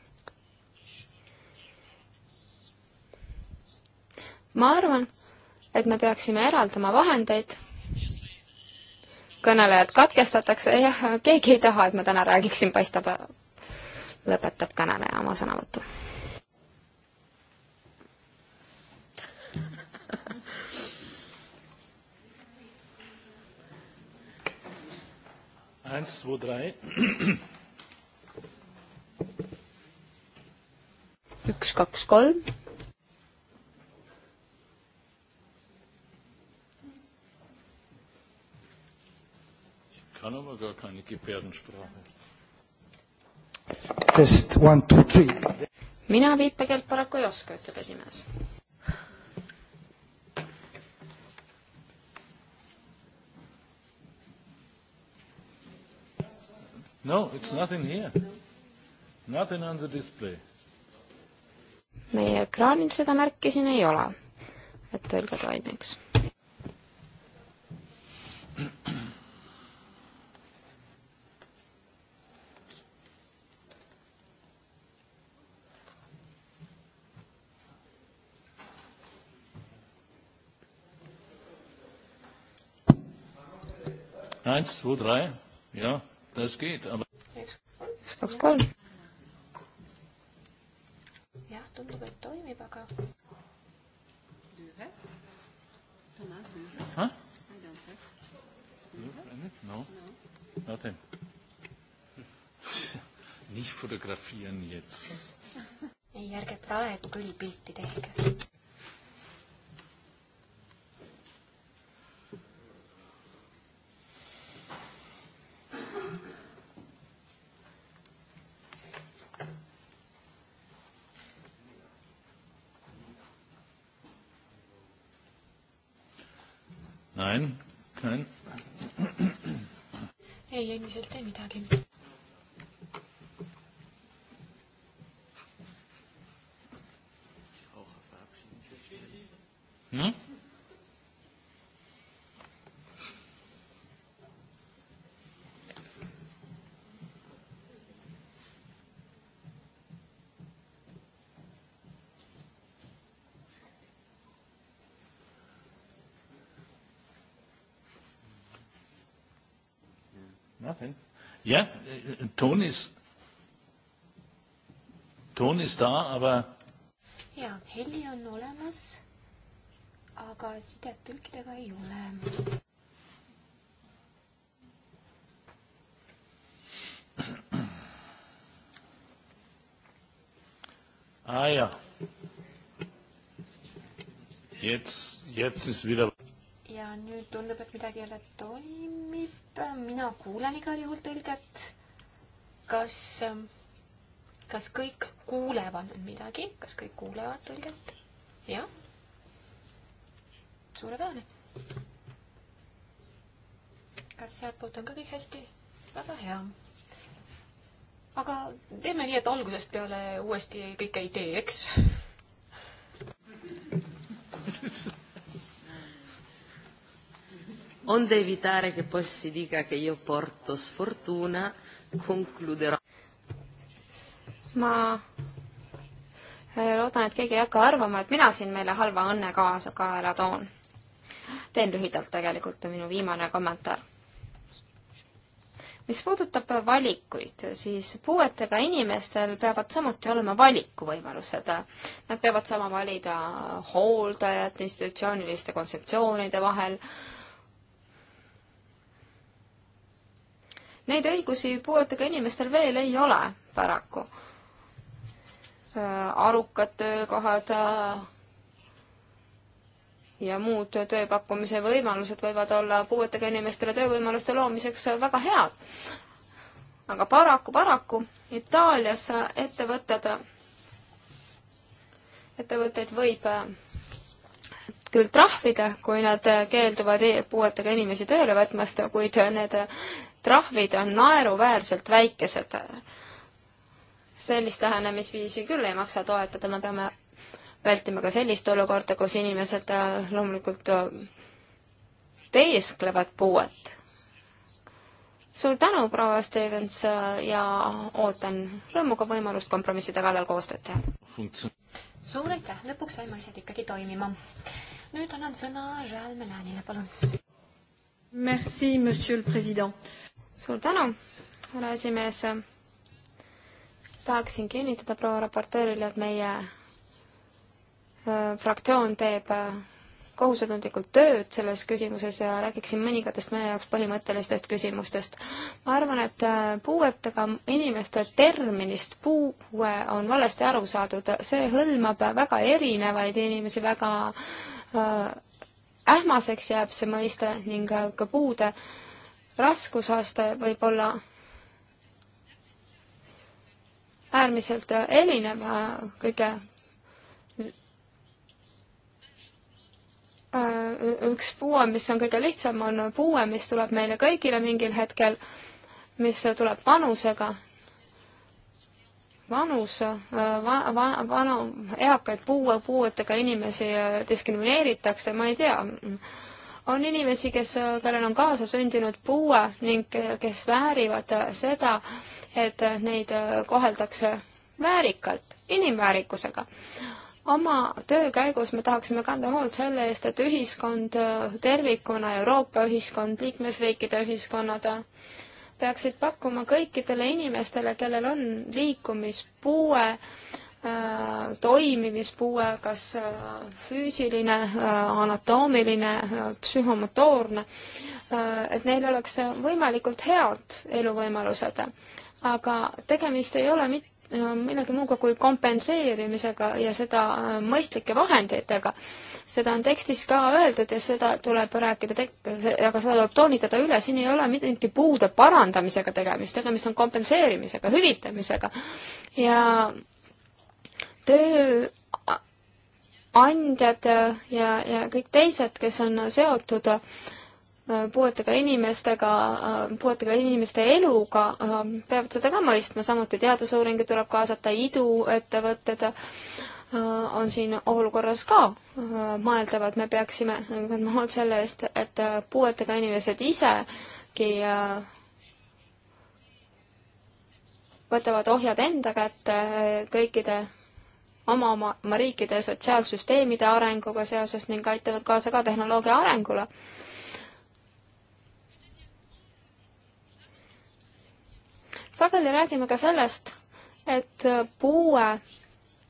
Speaker 1: ma arvan, et me peaksime eraldama vahendeid kõnelejad katkestatakse, jah, keegi ei taha, et ma täna räägiksin, paistab, lõpetab kõneleja oma sõnavõtu Eins, zwei, drei. üks, kaks, kolm. Ich kann aber gar keine Gebärdensprache. Test one, two, three. mina viipekeelt paraku ei oska, ütleb esimees. No, it's nothing here. Nothing on the display. meie ekraanil seda märki siin ei ole, et tõlge toimiks. Eins, zwei, drei, ja. Das geht, aber. üks, kaks, kolm.
Speaker 2: jah, tundub, et toimib, aga. Huh? No?
Speaker 1: Nothing. Nicht fotografieren
Speaker 3: jetzt.
Speaker 2: ei, ärge praegu küll pilti tehke.
Speaker 1: Nein, nein.
Speaker 2: ei, endiselt ei midagi.
Speaker 1: Ja, Ton ist, Ton ist da, aber.
Speaker 2: ja, heli on olemas, aga sidet tõlkidega ei ole.
Speaker 1: Ah ja.
Speaker 3: Jetzt, jetzt ist wieder.
Speaker 2: kuulen igal juhul tõlget. kas, ähm, kas kõik kuulevad nüüd midagi, kas kõik kuulevad tõlget? jah. suurepärane. kas sealtpoolt on ka kõik hästi? väga hea. aga teeme nii, et algusest peale uuesti kõike ei tee, eks?
Speaker 1: Onde evitare che poi si dica che io porto sfortuna, concluderò. ma eh, loodan, et keegi ei hakka arvama, et mina siin meile halva õnne kaasa kaela toon. teen lühidalt tegelikult, minu viimane kommentaar. mis puudutab valikuid, siis puuetega inimestel peavad samuti olema valikuvõimalused. Nad peavad saama valida hooldajat institutsiooniliste kontseptsioonide vahel Neid õigusi puuetega inimestel veel ei ole paraku. Äh, arukad töökohad äh, ja muud tööpakkumise võimalused võivad olla puuetega inimestele töövõimaluste loomiseks väga head. aga paraku, paraku Itaalias ettevõtted, ettevõtteid võib äh, küll trahvida, kui nad keelduvad puuetega inimesi tööle võtmast, kuid need trahvid on naeruväärselt väikesed. sellist lähenemisviisi küll ei maksa toetada, me peame vältima ka sellist olukorda, kus inimesed äh, loomulikult äh, teesklevad puuet. suur tänu, proua Stevens äh, ja ootan rõõmuga võimalust kompromisside kallal koostööd teha.
Speaker 2: suur aitäh, lõpuks saime asjad ikkagi toimima.
Speaker 1: nüüd annan sõna Jean Melanile, palun. Merci, monsieur le president suur tänu, härra esimees. tahaksin kinnitada proua raportöörile, et meie äh, fraktsioon teeb äh, kohusetundlikult tööd selles küsimuses ja räägiksin mõningatest meie jaoks põhimõttelistest küsimustest. ma arvan, et äh, puuetega inimeste terminist puue on valesti aru saadud, see hõlmab väga erinevaid inimesi, väga ähmaseks jääb see mõiste ning ka puude äh, raskusaste võib olla äärmiselt erinev äh, kõige äh, üks puue, mis on kõige lihtsam, on puue, mis tuleb meile kõigile mingil hetkel, mis tuleb vanusega. vanus äh, va,, va, vanu, eakaid puue, puuetega inimesi diskrimineeritakse, ma ei tea on inimesi, kes, kellel on kaasasündinud puue ning kes väärivad seda, et neid koheldakse väärikalt, inimväärikusega. oma töö käigus me tahaksime kanda hoolt selle eest, et ühiskond tervikuna, Euroopa ühiskond, liikmesriikide ühiskonnad peaksid pakkuma kõikidele inimestele, kellel on liikumispuue, Äh, toimimispuue, kas äh, füüsiline, äh, anatoomiline, psühhomotoorne, et neil oleks võimalikult head eluvõimalused. aga tegemist ei ole mitte millegi muuga kui kompenseerimisega ja seda mõistlike vahenditega. seda on tekstis ka öeldud ja seda tuleb rääkida, aga seda tuleb toonitada üle, siin ei ole midagi puude parandamisega tegemist, tegemist on kompenseerimisega, hüvitamisega. ja tööandjad ja, ja kõik teised, kes on seotud äh, puuetega inimestega, äh, puuetega inimeste eluga, äh, peavad seda ka mõistma, samuti teadusuuringuid tuleb kaasata, iduettevõtted on siin olukorras ka mõeldavad, me peaksime kandma hoolt selle eest, et puuetega inimesed isegi võtavad ohjad enda kätte kõikide oma, oma, oma riikide sotsiaalsüsteemide arenguga seoses ning aitavad kaasa ka tehnoloogia arengule. sageli räägime ka sellest, et puue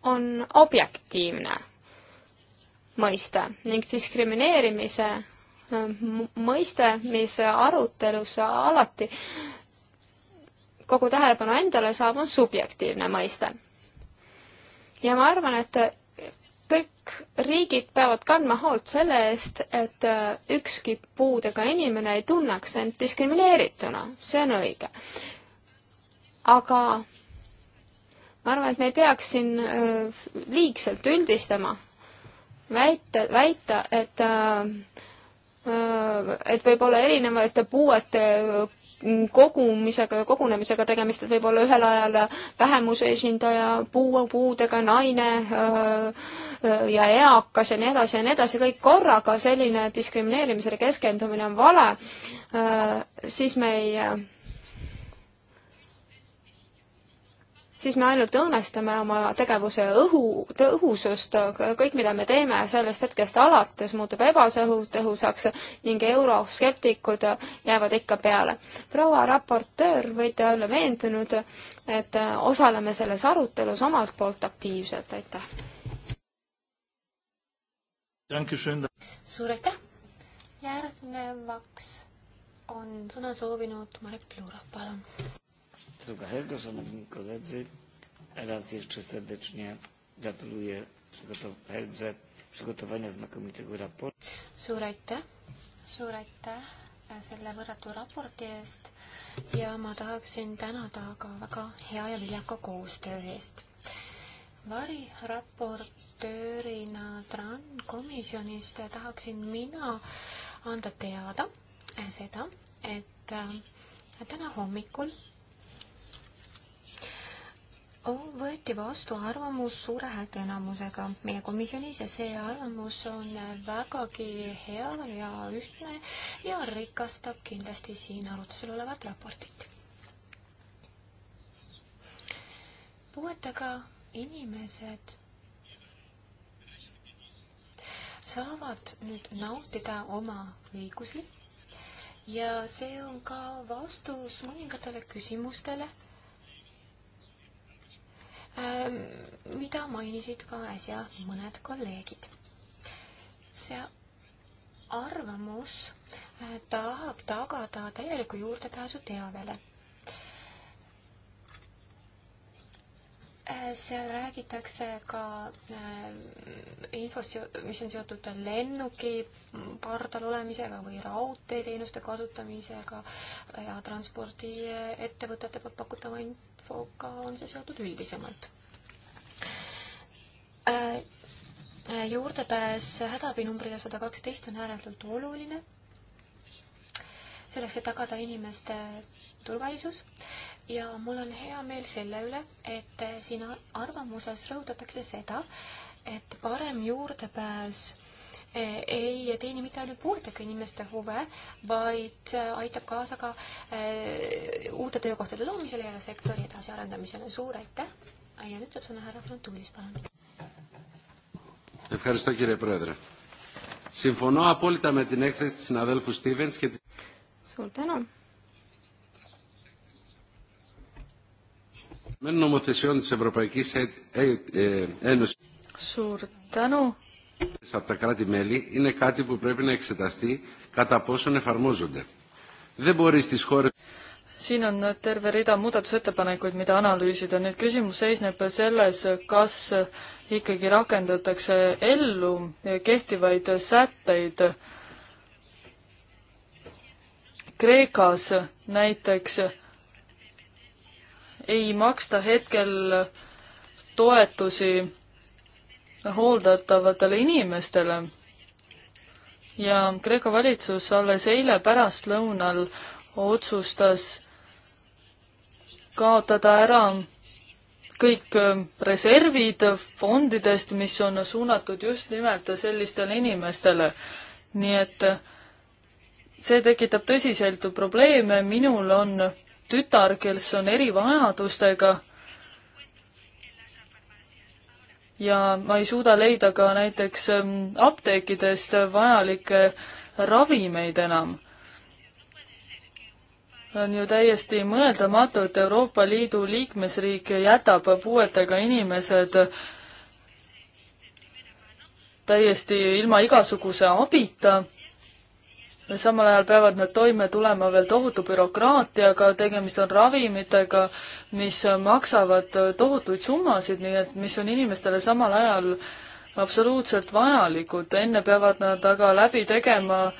Speaker 1: on objektiivne mõiste ning diskrimineerimise äh, mõiste, mis arutelus alati kogu tähelepanu endale saab, on subjektiivne mõiste ja ma arvan, et kõik riigid peavad kandma hoolt selle eest, et äh, ükski puudega inimene ei tunneks end diskrimineerituna, see on õige. aga ma arvan, et me ei peaks siin äh, liigselt üldistama, väita, väita, et äh, et võib olla erinevate puuete kogumisega ja kogunemisega tegemist, et võib olla ühel ajal vähemuse esindaja, puu, puudega naine äh, äh, ja eakas ja nii edasi ja nii edasi, kõik korraga, selline diskrimineerimisele keskendumine on vale, äh, siis me ei siis me ainult õõnestame oma tegevuse õhu, tõhusust, kõik, mida me teeme sellest hetkest alates, muutub ebaõhutõhusaks ning euroskeptikud jäävad ikka peale. proua raportöör, võite olla veendunud, et osaleme selles arutelus omalt poolt aktiivselt, aitäh!
Speaker 2: suur aitäh! järgnevaks on sõna soovinud Marek Pluurov, palun!
Speaker 3: droga Helgo, szanowni koledzy, raz jeszcze serdecznie gratuluję Heldze przygotowania znakomitego
Speaker 1: raportu.
Speaker 2: Suur aitäh, suur aitäh selle võrratu raporti eest ja ma tahaksin tänada ka väga hea ja viljaka koostöö eest. variraportöörina TRAN komisjonist tahaksin mina anda teada seda, et äh, täna hommikul võeti vastu arvamus suure häälteenamusega meie komisjonis ja see arvamus on vägagi hea ja ühtne ja rikastab kindlasti siin arutusel olevat raportit. puuetega inimesed saavad nüüd nautida oma õigusi ja see on ka vastus mõningatele küsimustele Ähm, mida mainisid ka äsja mõned kolleegid. see arvamus äh, tahab tagada täieliku juurdepääsu teavele Äh, seal räägitakse ka äh, infost, mis on seotud lennuki pardal olemisega või raudteeteenuste kasutamisega ja transpordiettevõtete äh, poolt pakutava infoga on see seotud üldisemalt. juurdepääs hädaabinumbrile sada kaksteist on ääretult oluline selleks, et tagada inimeste turvalisus ja mul on hea meel selle üle, et äh, siin arvamuses rõhutatakse seda, et parem juurdepääs äh, ei teeni mitte ainult puuetega inimeste huve, vaid äh, aitab kaasa ka uute töökohtade loomisele ja sektori edasiarendamisele. suur aitäh ja nüüd saab sõna härra Frontuulis, palun.
Speaker 1: suur tänu. με νομοθεσιών της Ευρωπαϊκής Ένωσης από τα κράτη-μέλη είναι κάτι που πρέπει να εξεταστεί κατά πόσον εφαρμόζονται. Δεν μπορεί στις χώρες...
Speaker 3: siin on terve rida muudatusettepanekuid, mida analüüsida. nüüd küsimus seisneb selles, kas ikkagi rakendatakse ellu kehtivaid sätteid. Kreekas näiteks ei maksta hetkel toetusi hooldatavatele inimestele. ja Kreeka valitsus alles eile pärastlõunal otsustas kaotada ära kõik reservid fondidest, mis on suunatud just nimelt sellistele inimestele. nii et see tekitab tõsiselt probleeme, minul on tütar, kes on erivajadustega ja ma ei suuda leida ka näiteks ähm, apteekidest vajalikke ravimeid enam. on ju täiesti mõeldamatu, et Euroopa Liidu liikmesriik jätab puuetega inimesed täiesti ilma igasuguse abita samal ajal peavad nad toime tulema veel tohutu bürokraatiaga, tegemist on ravimitega, mis maksavad tohutuid summasid, nii et mis on inimestele samal ajal absoluutselt vajalikud, enne peavad nad aga läbi tegema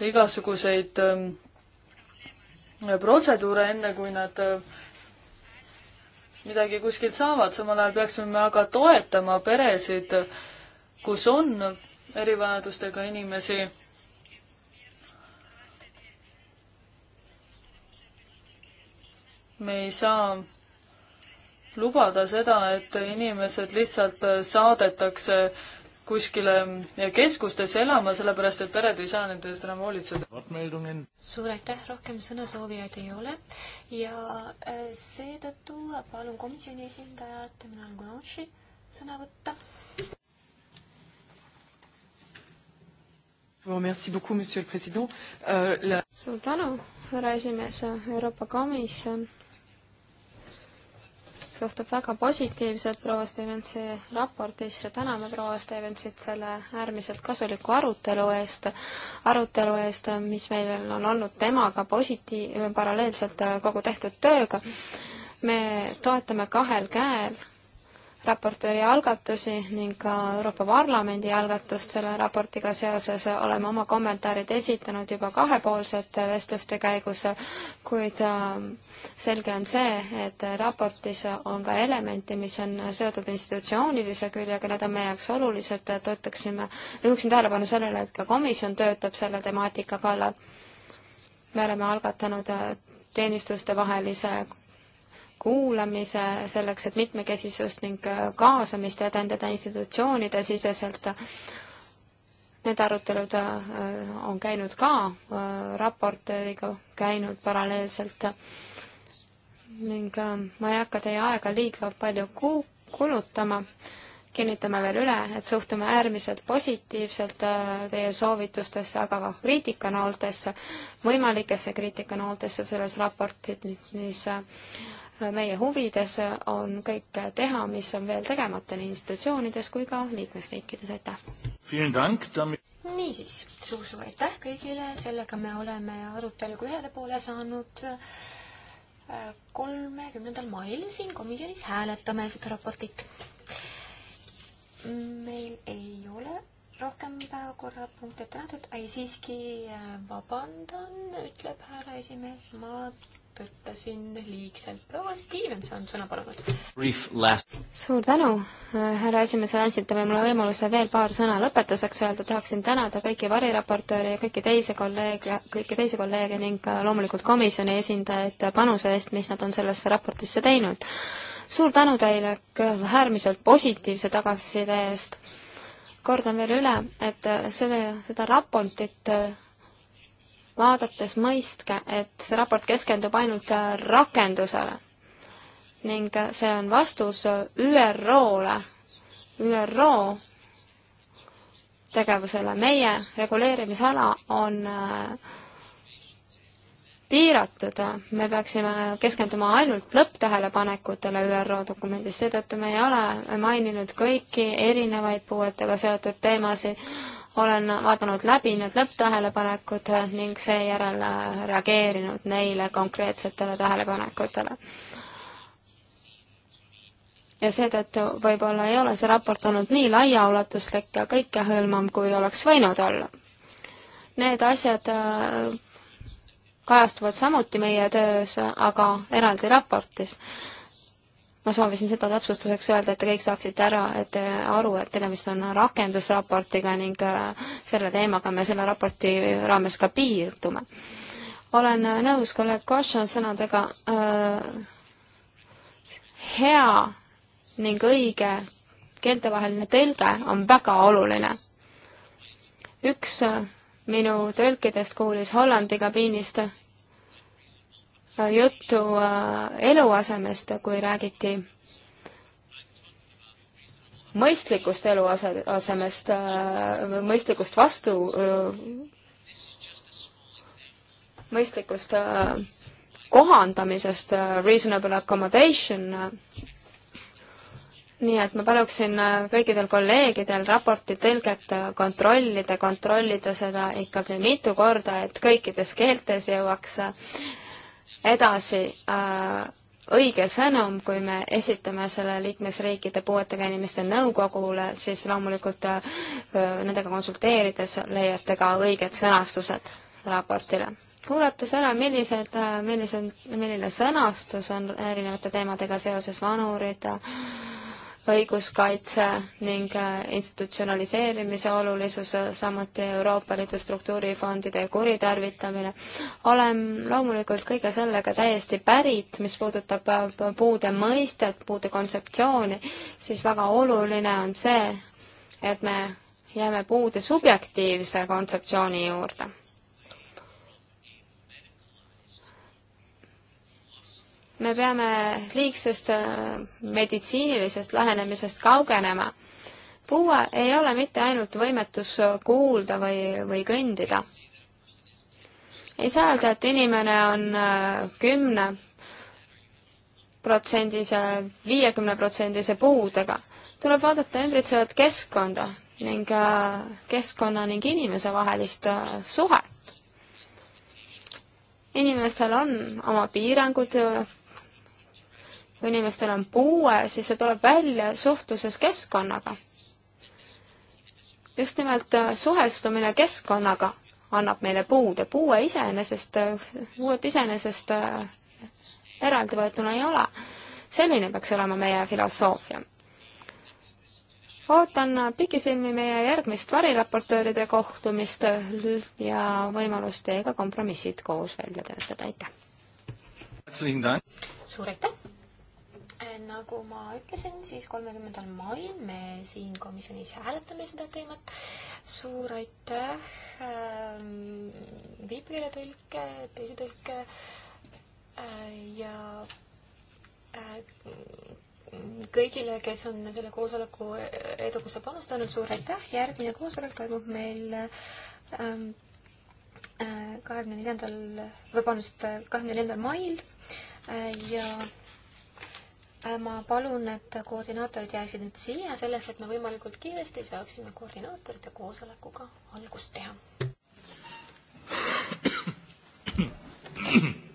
Speaker 3: igasuguseid ähm, protseduure, enne kui nad äh, midagi kuskilt saavad, samal ajal peaksime aga toetama peresid, kus on erivajadustega inimesi me ei saa lubada seda, et inimesed lihtsalt äh, saadetakse kuskile äh, keskustesse elama, sellepärast et pered ei saa nende eest enam hoolitseda.
Speaker 2: suur aitäh, rohkem sõnasoovijaid ei ole ja äh, seetõttu palun komisjoni esindajat, mina olen Gunoši,
Speaker 1: sõna võtta. Euh, suur tänu, härra esimees, Euroopa Komisjon suhtub väga positiivselt proua Stevensi raportisse, täname proua Stevensit selle äärmiselt kasuliku arutelu eest, arutelu eest, mis meil on olnud temaga positiiv, paralleelselt kogu tehtud tööga. me toetame kahel käel raportööri algatusi ning ka Euroopa Parlamendi algatust selle raportiga seoses oleme oma kommentaarid esitanud juba kahepoolsete vestluste käigus, kuid ähm, selge on see, et raportis on ka elemente, mis on seotud institutsioonilise küljega, need on meie jaoks olulised, et ütleksime, rõhuksin tähelepanu sellele, et ka komisjon töötab selle temaatika kallal. me oleme algatanud äh, teenistuste vahelise kuulamise selleks, et mitmekesisust ning äh, kaasamist edendada institutsioonide siseselt. Need arutelud äh, on käinud ka äh, raportööriga, käinud paralleelselt ning ma ei hakka teie aega liiga palju ku-, kulutama kinnitame veel üle, et suhtume äärmiselt positiivselt teie soovitustesse, aga ka kriitikanooltesse, võimalikesse kriitikanooltesse selles raportis, mis meie huvides on kõik teha, mis on veel tegemata nii institutsioonides kui ka liikmesriikides,
Speaker 3: aitäh!
Speaker 1: niisiis,
Speaker 2: suur-suur aitäh kõigile, sellega me oleme aruteluga ühele poole saanud. kolmekümnendal mail siin komisjonis hääletame seda raportit. meil ei ole rohkem päevakorrapunkte tänatud, ei siiski äh, vabandan, ütleb härra esimees, ma tõttasin liigselt. proua Stevenson, sõna palunud.
Speaker 1: suur tänu, äh, härra esimees, et andsite mulle võimaluse veel paar sõna lõpetuseks öelda, tahaksin tänada kõiki variraportööre ja kõiki teisi kolleege, kõiki teisi kolleege ning loomulikult komisjoni esindajaid panuse eest, mis nad on sellesse raportisse teinud. suur tänu teile äärmiselt positiivse tagasiside eest kordan veel üle, et selle, seda raportit äh, vaadates mõistke, et see raport keskendub ainult äh, rakendusele ning äh, see on vastus ÜRO-le, ÜRO tegevusele. meie reguleerimisala on äh, piiratud, me peaksime keskenduma ainult lõpptähelepanekutele ÜRO dokumendis, seetõttu me ei ole maininud kõiki erinevaid puuetega seotud teemasid, olen vaadanud läbi need lõpptähelepanekud ning seejärel reageerinud neile konkreetsetele tähelepanekutele. ja seetõttu võib-olla ei ole see raport olnud nii laiaulatuslik ja kõikehõlmav, kui oleks võinud olla. Need asjad kajastuvad samuti meie töös, aga eraldi raportis. ma soovisin seda täpsustuseks öelda, et te kõik saaksite ära, et aru, et tegemist on rakendusraportiga ning äh, selle teemaga me selle raporti raames ka piirdume. olen nõus kolleeg Košan sõnadega äh, hea ning õige keeltevaheline tõlge on väga oluline. üks äh, minu tõlkidest kuulis Hollandi kabiinist äh, juttu äh, eluasemest, kui räägiti mõistlikust eluasemest, äh, mõistlikust vastu, mõistlikust kohandamisest, reasonable accommodation nii et ma paluksin äh, kõikidel kolleegidel raporti tõlget äh, kontrollida, kontrollida seda ikkagi mitu korda, et kõikides keeltes jõuaks äh, edasi äh, õige sõnum, kui me esitame selle liikmesriikide puuetega inimeste nõukogule, siis loomulikult äh, nendega konsulteerides leiate ka õiged sõnastused raportile. kuulates ära, millised, millised, milline sõnastus on erinevate teemadega seoses, vanurid äh,, õiguskaitse ning äh, institutsionaliseerimise olulisus, äh, samuti Euroopa Liidu struktuurifondide kuritarvitamine. olen loomulikult kõige sellega täiesti pärit, mis puudutab äh, puude mõistet, puude kontseptsiooni, siis väga oluline on see, et me jääme puude subjektiivse kontseptsiooni juurde me peame liigsest äh, meditsiinilisest lähenemisest kaugenema. puue ei ole mitte ainult võimetus äh, kuulda või, või kõndida. ei saa öelda, et inimene on äh, kümne protsendise, viiekümne protsendise puudega. tuleb vaadata ümbritsevat keskkonda ning keskkonna ning inimese vahelist suhet. inimestel on oma piirangud kui inimestel on puue, siis see tuleb välja suhtluses keskkonnaga. just nimelt äh, suhestumine keskkonnaga annab meile puude, puue iseenesest, äh, puuet iseenesest äh, eraldivõetuna ei ole. selline peaks olema meie filosoofia. ootan pikisilmi meie järgmist variraportööride kohtumist ja võimalust teiega kompromissid koos välja töötada, aitäh! suur aitäh! nagu
Speaker 2: ma ütlesin, siis kolmekümnendal mail me siin komisjonis hääletame seda teemat. suur aitäh ähm, viipekeeletõlke, teisi tõlke äh, ja äh, kõigile, kes on selle koosoleku edukusse panustanud, suur aitäh, järgmine koosolek toimub meil ähm, äh, kahekümne neljandal, vabandust, kahekümne neljandal mail äh, ja Äh, ma palun, et koordinaatorid jääksid nüüd siia selleks, et me võimalikult kiiresti saaksime koordinaatorite koosolekuga algust teha.